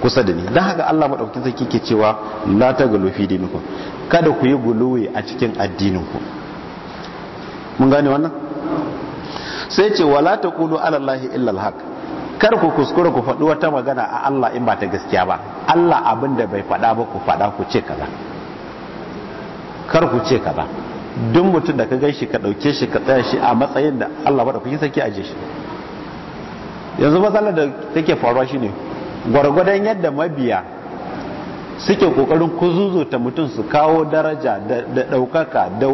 kusa da ni dan haka Allah madaukakin sarki ke cewa la tagulu fi dinikum kada ku yi guluwi a cikin addinin ku mun gane wannan sai ce wala taqulu ala allahi illa alhaq kar ku kuskura ku faɗi wata magana a Allah in ba ta gaskiya ba Allah abinda bai faɗa ba ku faɗa ku ce kaza kar ku ce kaza duk mutum da ka gan shi ka dauke shi ka tsaya shi a matsayin da Allah madaukakin sarki saki aje shi yanzu matsalar da take faruwa shine gwargwadon yadda mabiya suke kokarin ta mutum su kawo daraja da ɗaukaka da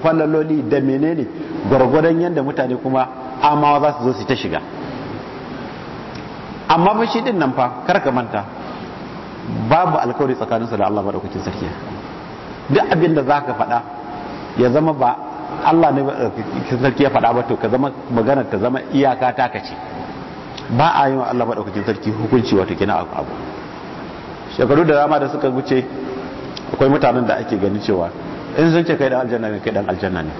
falaloli da menene gwargwadon yadda mutane kuma amawa za su zo su ta shiga amma ba shi din nan fa karka manta babu alkawari su da Allah madaukakin sarki duk abin da za ka faɗa ya zama ba Allah ne sarki ya faɗa ba to ka zama magana ta zama iyaka ta ka ce ba a yi wa Allah maɗaukakin sarki hukunci wato gina abu shekaru da dama da suka wuce akwai mutanen da ake gani cewa in sun ce kai dan aljanna ne kai dan aljanna ne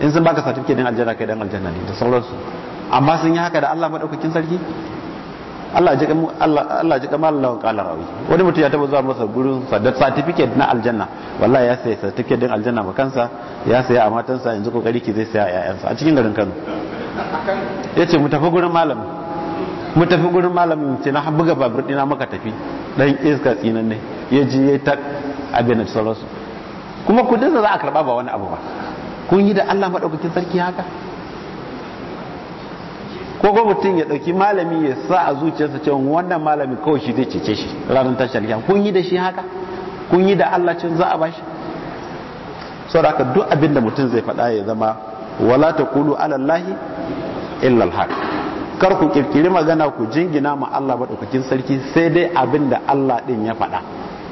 in sun baka satifiket din aljanna kai dan aljanna ne da sauransu amma sun yi haka da Allah maɗaukakin sarki Allah ji kamar Allah ji kamar Allah kala rawi wani mutum ya taba zuwa masa gurin sadar certificate na aljanna wallahi ya sai certificate din aljanna ma kansa ya sai a matansa yanzu kokari ki zai sai a yayansa a cikin garin Kano yace mu tafi gurin malamin mu tafi gurin malamin ce na buga babur dina maka tafi dan iska tsinan ne ya ji ya ta abin sauransu kuma kudin za a karba ba wani abu ba kun yi da Allah madaukakin sarki haka ko ko mutum ya dauki malami ya sa a zuciyarsa cewa wannan malami kawai shi zai cece shi ranar tashar kiyama kun yi da shi haka kun yi da Allah cin za a bashi saboda duk abin da mutum zai faɗa ya zama wala taqulu ala allahi illa alhaq kar ku kirkiri magana ku jingina ma Allah madaukakin sarki sai dai abin da Allah din ya faɗa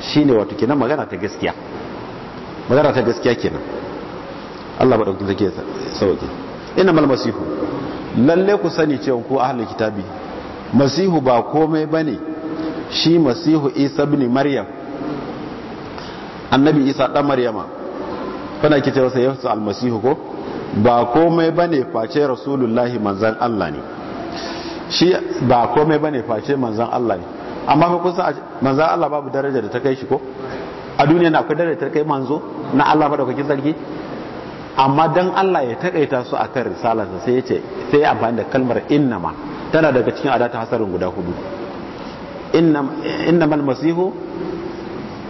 shine wato kenan magana ta gaskiya magana ta gaskiya kenan Allah madaukakin sarki ya sauke mal masihu lalle ku sani cewa ku ahlul kitabi masihu ba komai bane shi masihu isa ibn maryam annabi isa dan maryama kana kitawa sai ya al almasihu ko ba komai bane face rasulullahi manzan Allah ne shi ba komai bane face manzan Allah ne amma fa kusa manzan Allah babu daraja da ta kai shi ko a duniya na akwai daraja da ta kai manzo na Allah madaukakin sarki amma dan Allah ya takaita su akan risalarsa sai ya ce sai ya amfani da kalmar innama tana daga cikin adata hasarin guda hudu innama masihu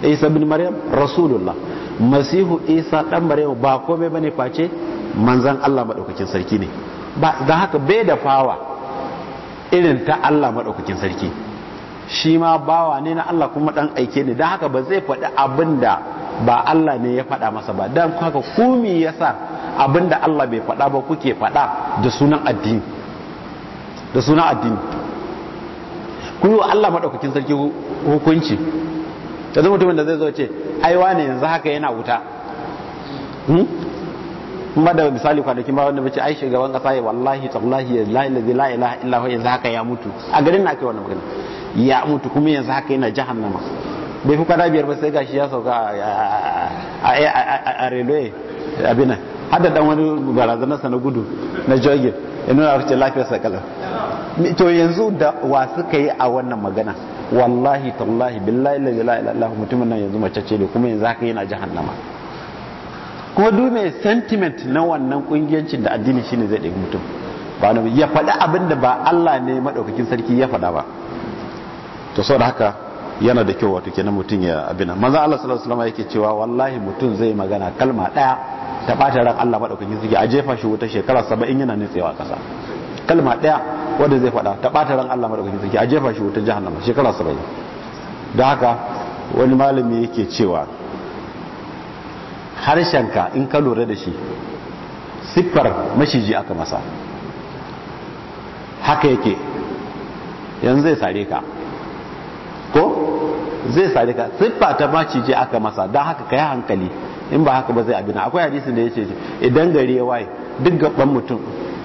isa bin maryam rasulullah masihu isa dan maryam ba komai bane face manzan Allah madaukakin sarki ne ba dan haka bai da fawa irin ta Allah maɗaukakin sarki shi ma bawa ne na Allah kuma ɗan aike ne don haka ba zai faɗi abin da ba Allah ne ya faɗa masa ba don haka kumi ya sa abin da Allah bai faɗa ba kuke faɗa da sunan addini da sunan addini wa Allah maɗaukakin sarki hukunci da zai mutumin da zai zo ce ai wane yanzu haka yana wuta hmm? kuma da misali kwanaki ba wanda bace Aisha gaban kasa ya wallahi tallahi la ilaha illa huwa yanzu haka ya mutu a garin na kai wannan magana ya mutu kuma yanzu haka yana jahannama bai fi kwana biyar ba sai gashi ya sauka a a a railway abina har da dan wani barazanarsa na gudu na jogin ya nuna a cikin lafiyarsa kalar to yanzu da wa suka yi a wannan magana wallahi tallahi billahi la ilaha illa allah mutumin nan yanzu mace ce kuma yanzu haka yana jahannama kuma duk mai sentiment na wannan kungiyancin da addini shine zai ɗaya mutum ba na ya faɗi abin da ba Allah ne maɗaukakin sarki ya faɗa ba to saboda haka yana da kyau wato kenan mutum ya abina manzo Allah sallallahu alaihi wasallam yake cewa wallahi mutum zai magana kalma ɗaya ta ɓata ran Allah maɗaukakin sarki a jefa shi wuta shekara saba'in yana nutsewa ƙasa kalma ɗaya wanda zai faɗa ta ɓata ran Allah maɗaukakin sarki a jefa shi wuta jahannama shekara saba'in da haka wani malami yake cewa harshenka in ka lura da shi siffar mashiji aka masa haka yake yanzu zai sare ka ko zai sare ka siffa ta maciji aka masa don haka ka yi hankali in ba haka ba zai abina akwai hadisin da ya ce idan gari ya waye duk gaban mutum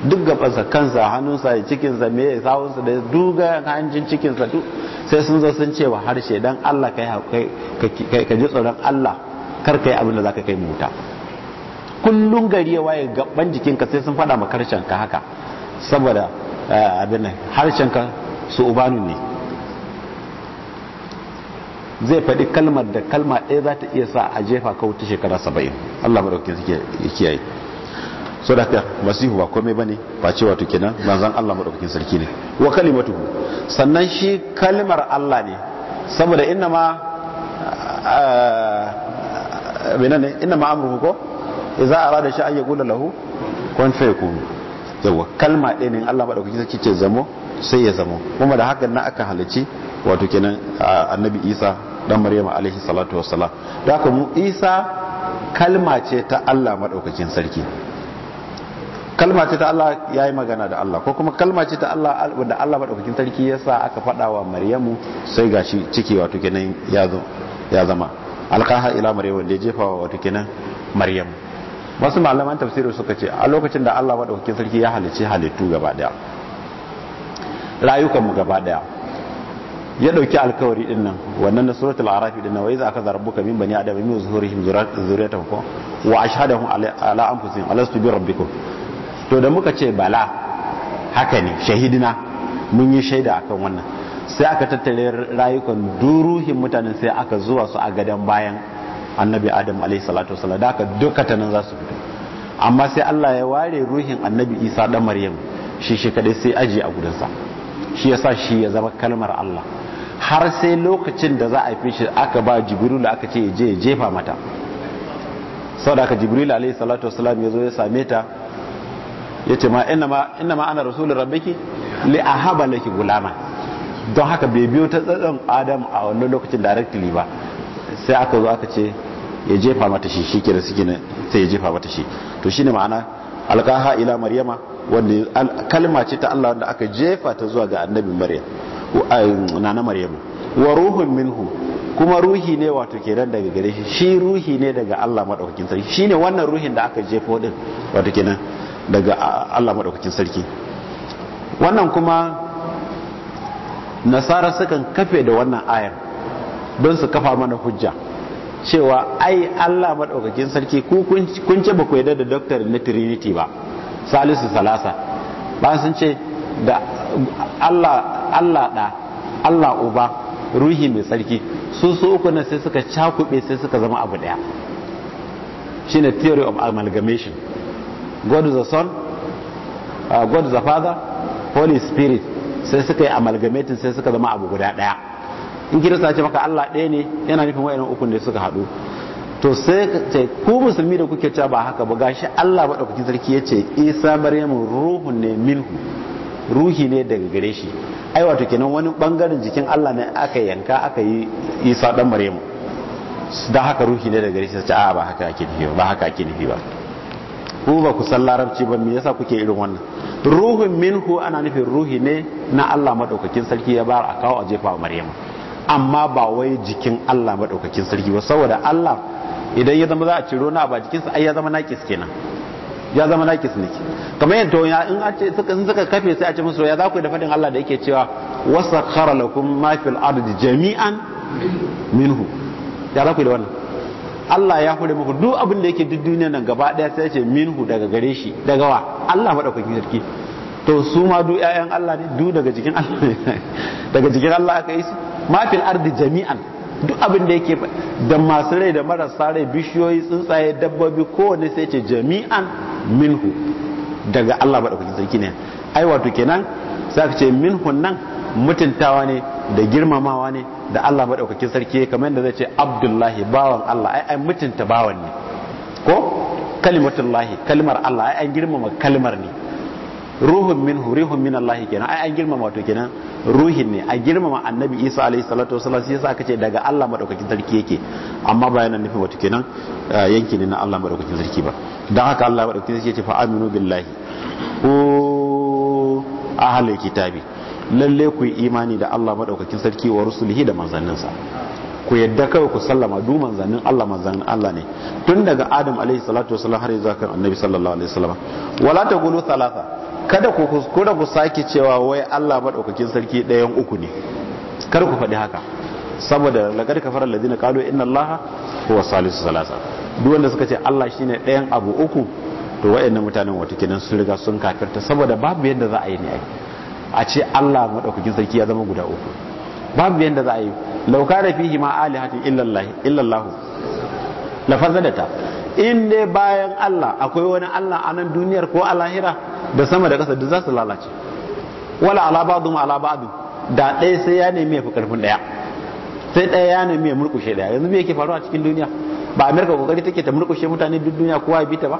duk gabansa kansa hannunsa da cikinsa me sawunsa da duga hanjin cikinsa duk sai sun zo sun ce wa harshe don Allah ka ji tsoron Allah kar ka yi abin da za ka kai mu wuta kullum gari ya waye gaban jikinka sai sun faɗa ma ka haka saboda eh, abin harshenka su ubanu ne zai faɗi kalmar da kalma ɗaya za ta iya sa a jefa ka wuta shekara saba'in allah maɗauki suke kiyaye so da masihu ba komai ne ba ce wato kenan zan Allah madaukakin sarki ne wa kalimatu sannan shi kalmar Allah ne saboda inna ma eh, binan inna ina amruhu ko idza arada shi an gula lahu kun fayakun yawa kalma ɗaya ne Allah madaukaki sai ce zamo sai ya zamo kuma da hakan na aka halici wato kenan annabi Isa dan Maryama alaihi salatu wassalam da haka mu Isa kalma ce ta Allah madaukakin sarki kalma ce ta Allah ya yi magana da Allah ko kuma kalma ce ta Allah da Allah maɗaukakin sarki ya sa aka faɗa wa Maryamu sai gashi ciki wato kenan ya zama alqaha ila maryam wanda ya jefa wa wato kenan maryam wasu malaman tafsiri suka ce a lokacin da Allah madaukakin sarki ya halice halittu gaba daya mu gaba daya ya dauki alkawari din nan wannan na suratul arafi din nan wa iza akaza rabbuka min bani adama min zuhurihim zuriyatahum ko wa ashhadahum ala anfusihim alastu bi rabbikum to da muka ce bala haka ne shahidina mun yi shaida akan wannan sai aka tattare rayukan duruhin mutanen sai aka zuwa su a gadon bayan annabi adam alaihi da aka duka nan za su fito amma sai Allah ya ware ruhin annabi isa dan maryam shi shi kadai sai aji a gudunsa shi ya sa shi ya zama kalmar Allah har sai lokacin da za a fi shi aka ba jibrilu aka ce je jefa mata saboda aka jibrilu alaihi salatu ya zo ya same ta ya ce ma ina ma ana rasulun rabbiki li ahaba laki gulama don haka bai biyo ta tsatson adam a wannan lokacin directly ba sai aka zo aka ce ya jefa mata shi shi kira suke ne sai ya jefa mata shi to shine ma'ana Alkaha ila maryama wanda kalma ce ta Allah wanda aka jefa ta zuwa ga annabi maryam na maryam wa ruhun minhu kuma ruhi ne wato kenan daga gare shi shi ruhi ne daga Allah madaukakin sarki shine wannan ruhin da aka jefo din wato kenan daga Allah madaukakin sarki wannan kuma nasara sukan kafe da wannan ayar don su kafa mana hujja cewa ai Allah maɗaukakin sarki ku kun ce ba ku da doctor na trinity ba salisu salasa ba sun ce da Allah Allah da Allah uba ruhi mai sarki su su uku na sai suka cakube sai suka zama abu daya shine theory of amalgamation god is the son uh, god is the father holy spirit sai suka yi amalgametin sai suka zama abu guda daya in kirista ce maka Allah ɗaya ne yana nufin wayannan ukun da suka haɗu to sai ce ku musulmi da kuke ca ba haka ba gashi Allah madaukakin sarki yace Isa Maryamu ruhun ne minhu ruhi ne daga gare shi ai wato kenan wani bangaren jikin Allah ne aka yanka aka yi Isa dan Maryamu da haka ruhi ne daga gare shi sai a ba haka ake nufi ba haka ake nufi ba ku ba ku san larabci ba me yasa kuke irin wannan ruhun minhu ana nufin ruhi ne na Allah madaukakin sarki ya bar a kawo a jefa Maryam amma ba wai jikin Allah madaukakin sarki ba saboda Allah idan ya zama za a ciro na ba jikinsa ai ya zama naqis kenan ya zama naqis ne kamar yadda ya in a ce suka suka kafe sai a ce musu ya za ku da fadin Allah da yake cewa wasakhara lakum ma fil ardi jami'an minhu ya za ku da wannan Allah ya hore muku duk abin da yake duk duniyar nan gaba daya sai ce minhu daga gare shi daga wa Allah madaukakin sarki to su ma duk ƴaƴan Allah ne duk daga jikin Allah daga jikin Allah aka yi su ma fil ardi jami'an duk abin da yake da masu rai da marasa rai bishiyoyi tsuntsaye dabbobi kowanne sai ce jami'an minhu daga Allah madaukakin sarki ne ai wato kenan sai ka ce minhu nan mutuntawa ne da girmamawa ne da Allah madaukakin sarki kamar yadda zai ce abdullahi bawan Allah ai ai mutunta bawan ne ko kalimatullahi kalmar Allah ai ai girmama kalmar ne ruhun min rihun min Allah kenan ai ai girmama to kenan ruhin ne a girmama annabi Isa alaihi salatu wasallam sai yasa aka ce daga Allah madaukakin sarki yake amma ba yana nufin wato kenan yanki ne na Allah madaukakin sarki ba dan haka Allah madaukakin sarki ya ce fa aminu billahi ko ahlul kitabi lalle ku yi imani da Allah madaukakin sarki wa rusulihi da manzanninsa ku yadda kawai ku sallama duk manzannin Allah manzannin Allah ne tun daga Adam alaihi salatu wasallam har zuwa kan Annabi sallallahu alaihi wasallam wala taqulu thalatha kada ku kuskura ku sake cewa wai Allah madaukakin sarki ɗayan uku ne kar ku faɗi haka saboda ka kafara ladina qalu inna Allah huwa salisu salasa duk wanda suka ce Allah shine ɗayan abu uku to wayannan mutanen watakilan sun riga sun kafirta saboda babu yadda za a yi ne ai a ce Allah maɗaukakin sarki ya zama guda uku babu yanda za a yi lauka da fihi ma alihatin illallahu la fazadata in ne bayan Allah akwai wani Allah a nan duniyar ko a lahira da sama da kasa duk za su lalace wala ala ba'du ma ala ba'du da ɗaya sai ya nemi ya fi karfin ɗaya sai ɗaya ya nemi ya murkushe ɗaya yanzu me yake faruwa cikin duniya ba amerika kokari take ta murkushe mutane duk duniya kowa ya bita ba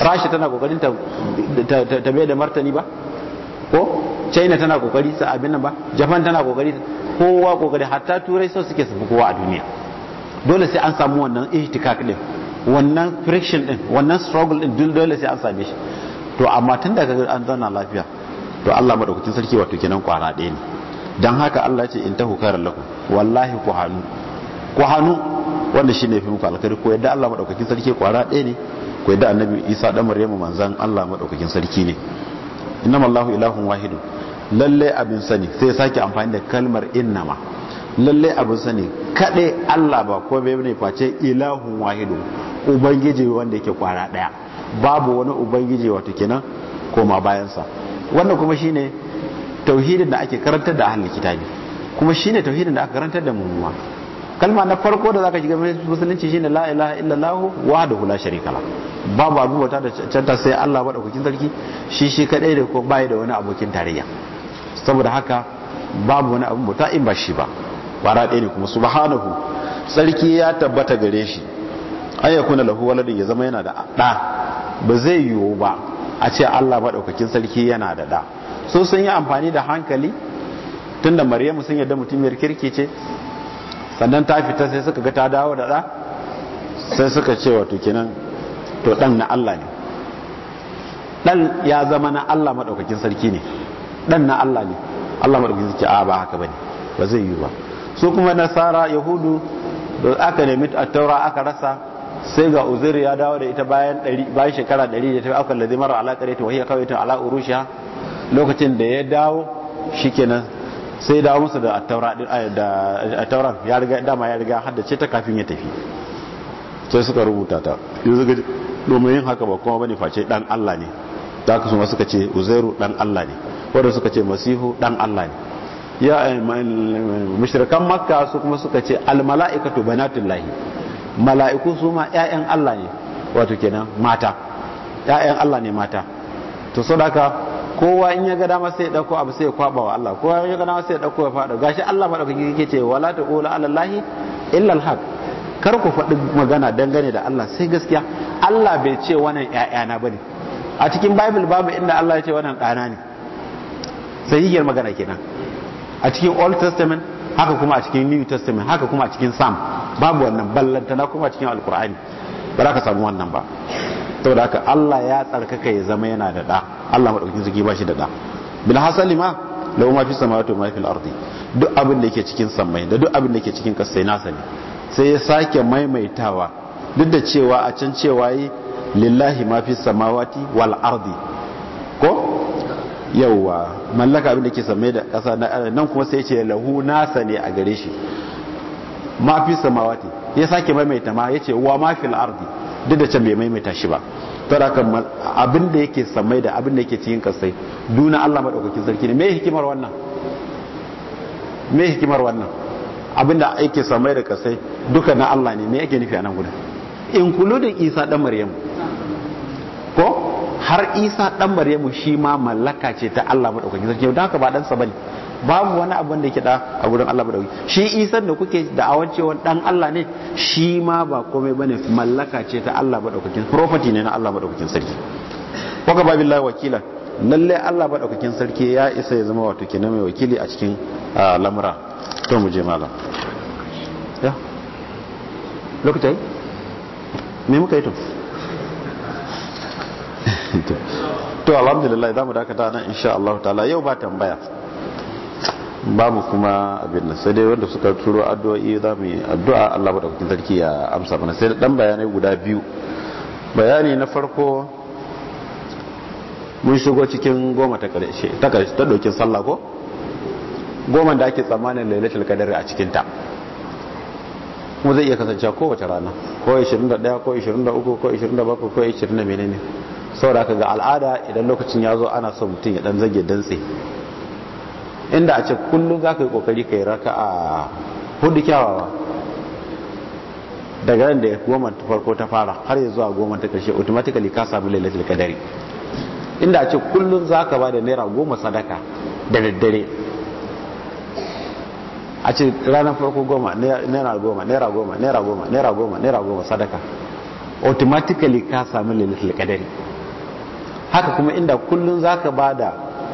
rashi tana kokarin ta ta mai da martani ba ko china tana kokari sa abin nan ba japan tana kokari kowa kokari hatta turai sau suke su kowa a duniya dole sai an samu wannan ihtikak din wannan friction din wannan struggle din dole sai an same shi to amma tun daga an zauna lafiya to Allah madaukakin sarki wato kenan kwara ɗaya ne dan haka Allah ce in tahu karar lakum wallahi ku hanu ku hanu wanda shine fi muku alkhairi ko yadda Allah madaukakin sarki kwara ɗaya ne ko yadda annabi Isa dan Maryamu manzan Allah madaukakin sarki ne innamallahu ilahun wahidun lalle abin sani sai sake amfani da kalmar innama lalle abin sani kaɗai Allah ba ko bai ne face ilahun wahidu ubangiji wanda yake kwara daya babu wani ubangiji wato kenan koma bayansa wannan kuma shine tauhidin da ake karantar da ahli kitabi kuma shine tauhidin da aka karantar da mu kalma na farko da zaka shiga musulunci shine la ilaha illallah wahdahu la sharika la babu abu wata da canta sai Allah ba kukin sarki shi shi kadai da ko bai da wani abokin tarayya saboda haka babu wani abin mutu in ba shi ba bara ɗaya ne kuma subhanahu sarki ya tabbata gare shi an ya kuna lahu waladin ya zama yana da ɗa ba zai yiwu ba a ce Allah maɗaukakin sarki yana da ɗa so sun yi amfani da hankali tun da maryamu sun yadda mutumiyar kirki ce sannan ta fita sai suka ga ta dawo da ɗa sai suka ce wato kenan to ɗan na Allah ne ɗan ya zama na Allah maɗaukakin sarki ne dan na Allah ne Allah madaukakin ce a ba haka bane ba zai yi ba su kuma nasara yahudu da aka nemi taura aka rasa sai ga uzur ya dawo da ita bayan bayan shekara 100 da ta aka lazi mara da ita wahiyar kawai ta ala urushiha lokacin da ya dawo shikenan sai dawo musu da taura da tauran ya riga dama ya riga haddace ta kafin ya tafi sai suka rubuta ta yanzu ga domin haka ba kuma bane face dan Allah ne da haka su suka ce uzairu dan Allah ne wanda suka ce masihu dan Allah ne ya mashirkan makka su kuma suka ce al mala'ikatu banatullahi mala'iku su ma 'ya'yan Allah ne wato kenan mata ya'yan Allah ne mata to sadaka kowa in ya ga dama sai ya dauko abu sai ya kwaba wa Allah kowa in ya ga dama sai ya dauko ya fada gashi Allah madaukaki yake ce wala taqulu ala allahi illa al kar ku faɗi magana dangane da Allah sai gaskiya Allah bai ce wannan ƴaƴana bane a cikin bible babu inda Allah ya ce wannan ɗana ne sai sahihiyar magana kenan a cikin old testament haka kuma a cikin new testament haka kuma a cikin sam babu wannan ballantana kuma a cikin alkur'ani ba za ka samu wannan ba saboda haka Allah ya tsarkaka ya zama yana da da Allah madaukakin sarki ba shi da da bil hasali ma lahu ma fi samawati wa ma al ardi duk abin da yake cikin samai da duk abin da yake cikin kasai nasa ne sai ya sake maimaitawa duk da cewa a can cewa yi lillahi ma fi samawati wal ardi ko yawwa mallaka abin da ke same da kasa nan kuma sai ce lahu nasa ne a gare shi ma fi samawati ya sake maimaita ma ya ce wa ma fil ardi duk da can bai maimaita shi ba tara kan abin da yake samai da abin da yake cikin kasai duna Allah madaukakin sarki ne me hikimar wannan me hikimar wannan abin da yake samai da kasai duka na Allah ne me yake nufi a nan gudan including Isa dan Maryam ko har isa dan maryamu shi ma mallaka ce ta Allah madaukakin sarki da haka ba dan sa bane babu wani abu da yake da a gurin Allah madaukakin shi isa da kuke da awancewa dan Allah ne shi ma ba komai bane mallaka ce ta Allah madaukakin property ne na Allah madaukakin sarki wa gaba billahi wakila lalle Allah madaukakin sarki ya isa ya zama wato kenan mai wakili a cikin lamura to mu je malam ya lokacin me muka yi to to alhamdulillah za mu dakata nan insha Allah ta'ala yau ba tambaya ba mu kuma abin nan sai dai wanda suka turo addu'o'i za mu yi addu'a Allah ba madaukakin sarki ya amsa mana sai dan bayanai guda biyu bayani na farko mun shigo cikin goma ta karshe ta karshe ta dokin sallah ko goma da ake tsammanin lailatul qadr a cikin ta mu zai iya kasance kowace rana ko 21 ko 23 ko 27 ko 20 menene da aka ga al'ada idan lokacin ya zo ana son mutum ya dan zage dantse inda a ce kullum za ka yi kokari ka yi raka a hudu kyawawa daga yadda ya goma ta farko ta fara har ya zuwa goma ta karshe automatically ka samu lailatul qadari inda a ce kullum za ka ba da naira goma sadaka da daddare a ce ranar farko goma naira goma naira goma naira goma naira goma sadaka automatically ka sami lalatul kadari haka kuma inda kullum za ka ba da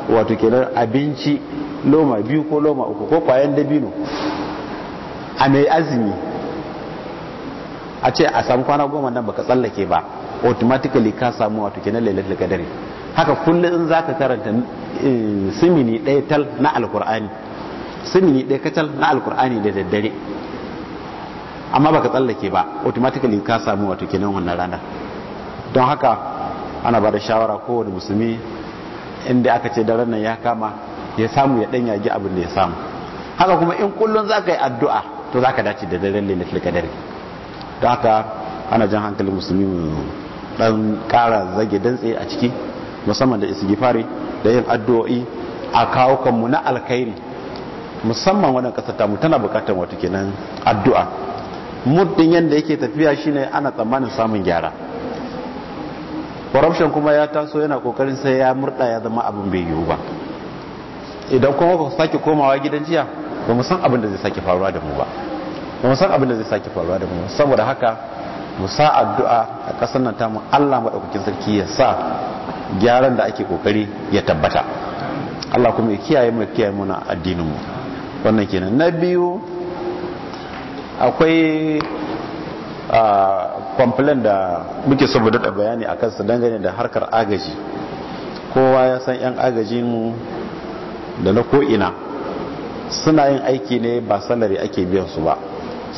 wato kenan abinci loma biyu ko loma uku ko kwayan dabino a mai azumi a ce a samu kwana goma nan baka tsallake ba automatically ka samu wato kenan lailatul qadari haka kullum in zaka karanta eh, simini ɗaya tal na alkur'ani simini ɗaya kacal na alkur'ani da daddare amma baka tsallake ba automatically ka samu wato kenan wannan rana don haka ana ba da shawara kowane musulmi inda aka ce daren nan ya kama ya samu ya ɗan yagi abin da ya samu haka kuma in kullum za ka yi addu'a to za ka dace da daren lailatul qadari don haka ana jan hankalin musulmi ɗan dan kara zage dantse a ciki musamman da fari da yin addu'o'i a kawo kanmu na alkhairi musamman wannan kasar tamu tana bukatar wato kenan addu'a muddin yanda yake tafiya shine ana tsammanin samun gyara corruption kuma ya taso yana kokarin sai ya murda ya zama abin bai yiwu ba idan kuma ku sake komawa gidan jiya ba mu san abin da zai sake faruwa da mu ba ba mu san abin da zai sake faruwa da mu saboda haka mu sa addu'a a kasar nan tamu Allah madaukakin sarki ya sa gyaran da ake kokari ya tabbata Allah kuma ya kiyaye mu kiyaye mu na addinin mu wannan kenan na biyu akwai ah, kwamfilin da muke saboda da bayani a kansa dangane da harkar agaji kowa ya san 'yan agaji mu da na ko'ina suna yin aiki ne ba sanari ake biyan su ba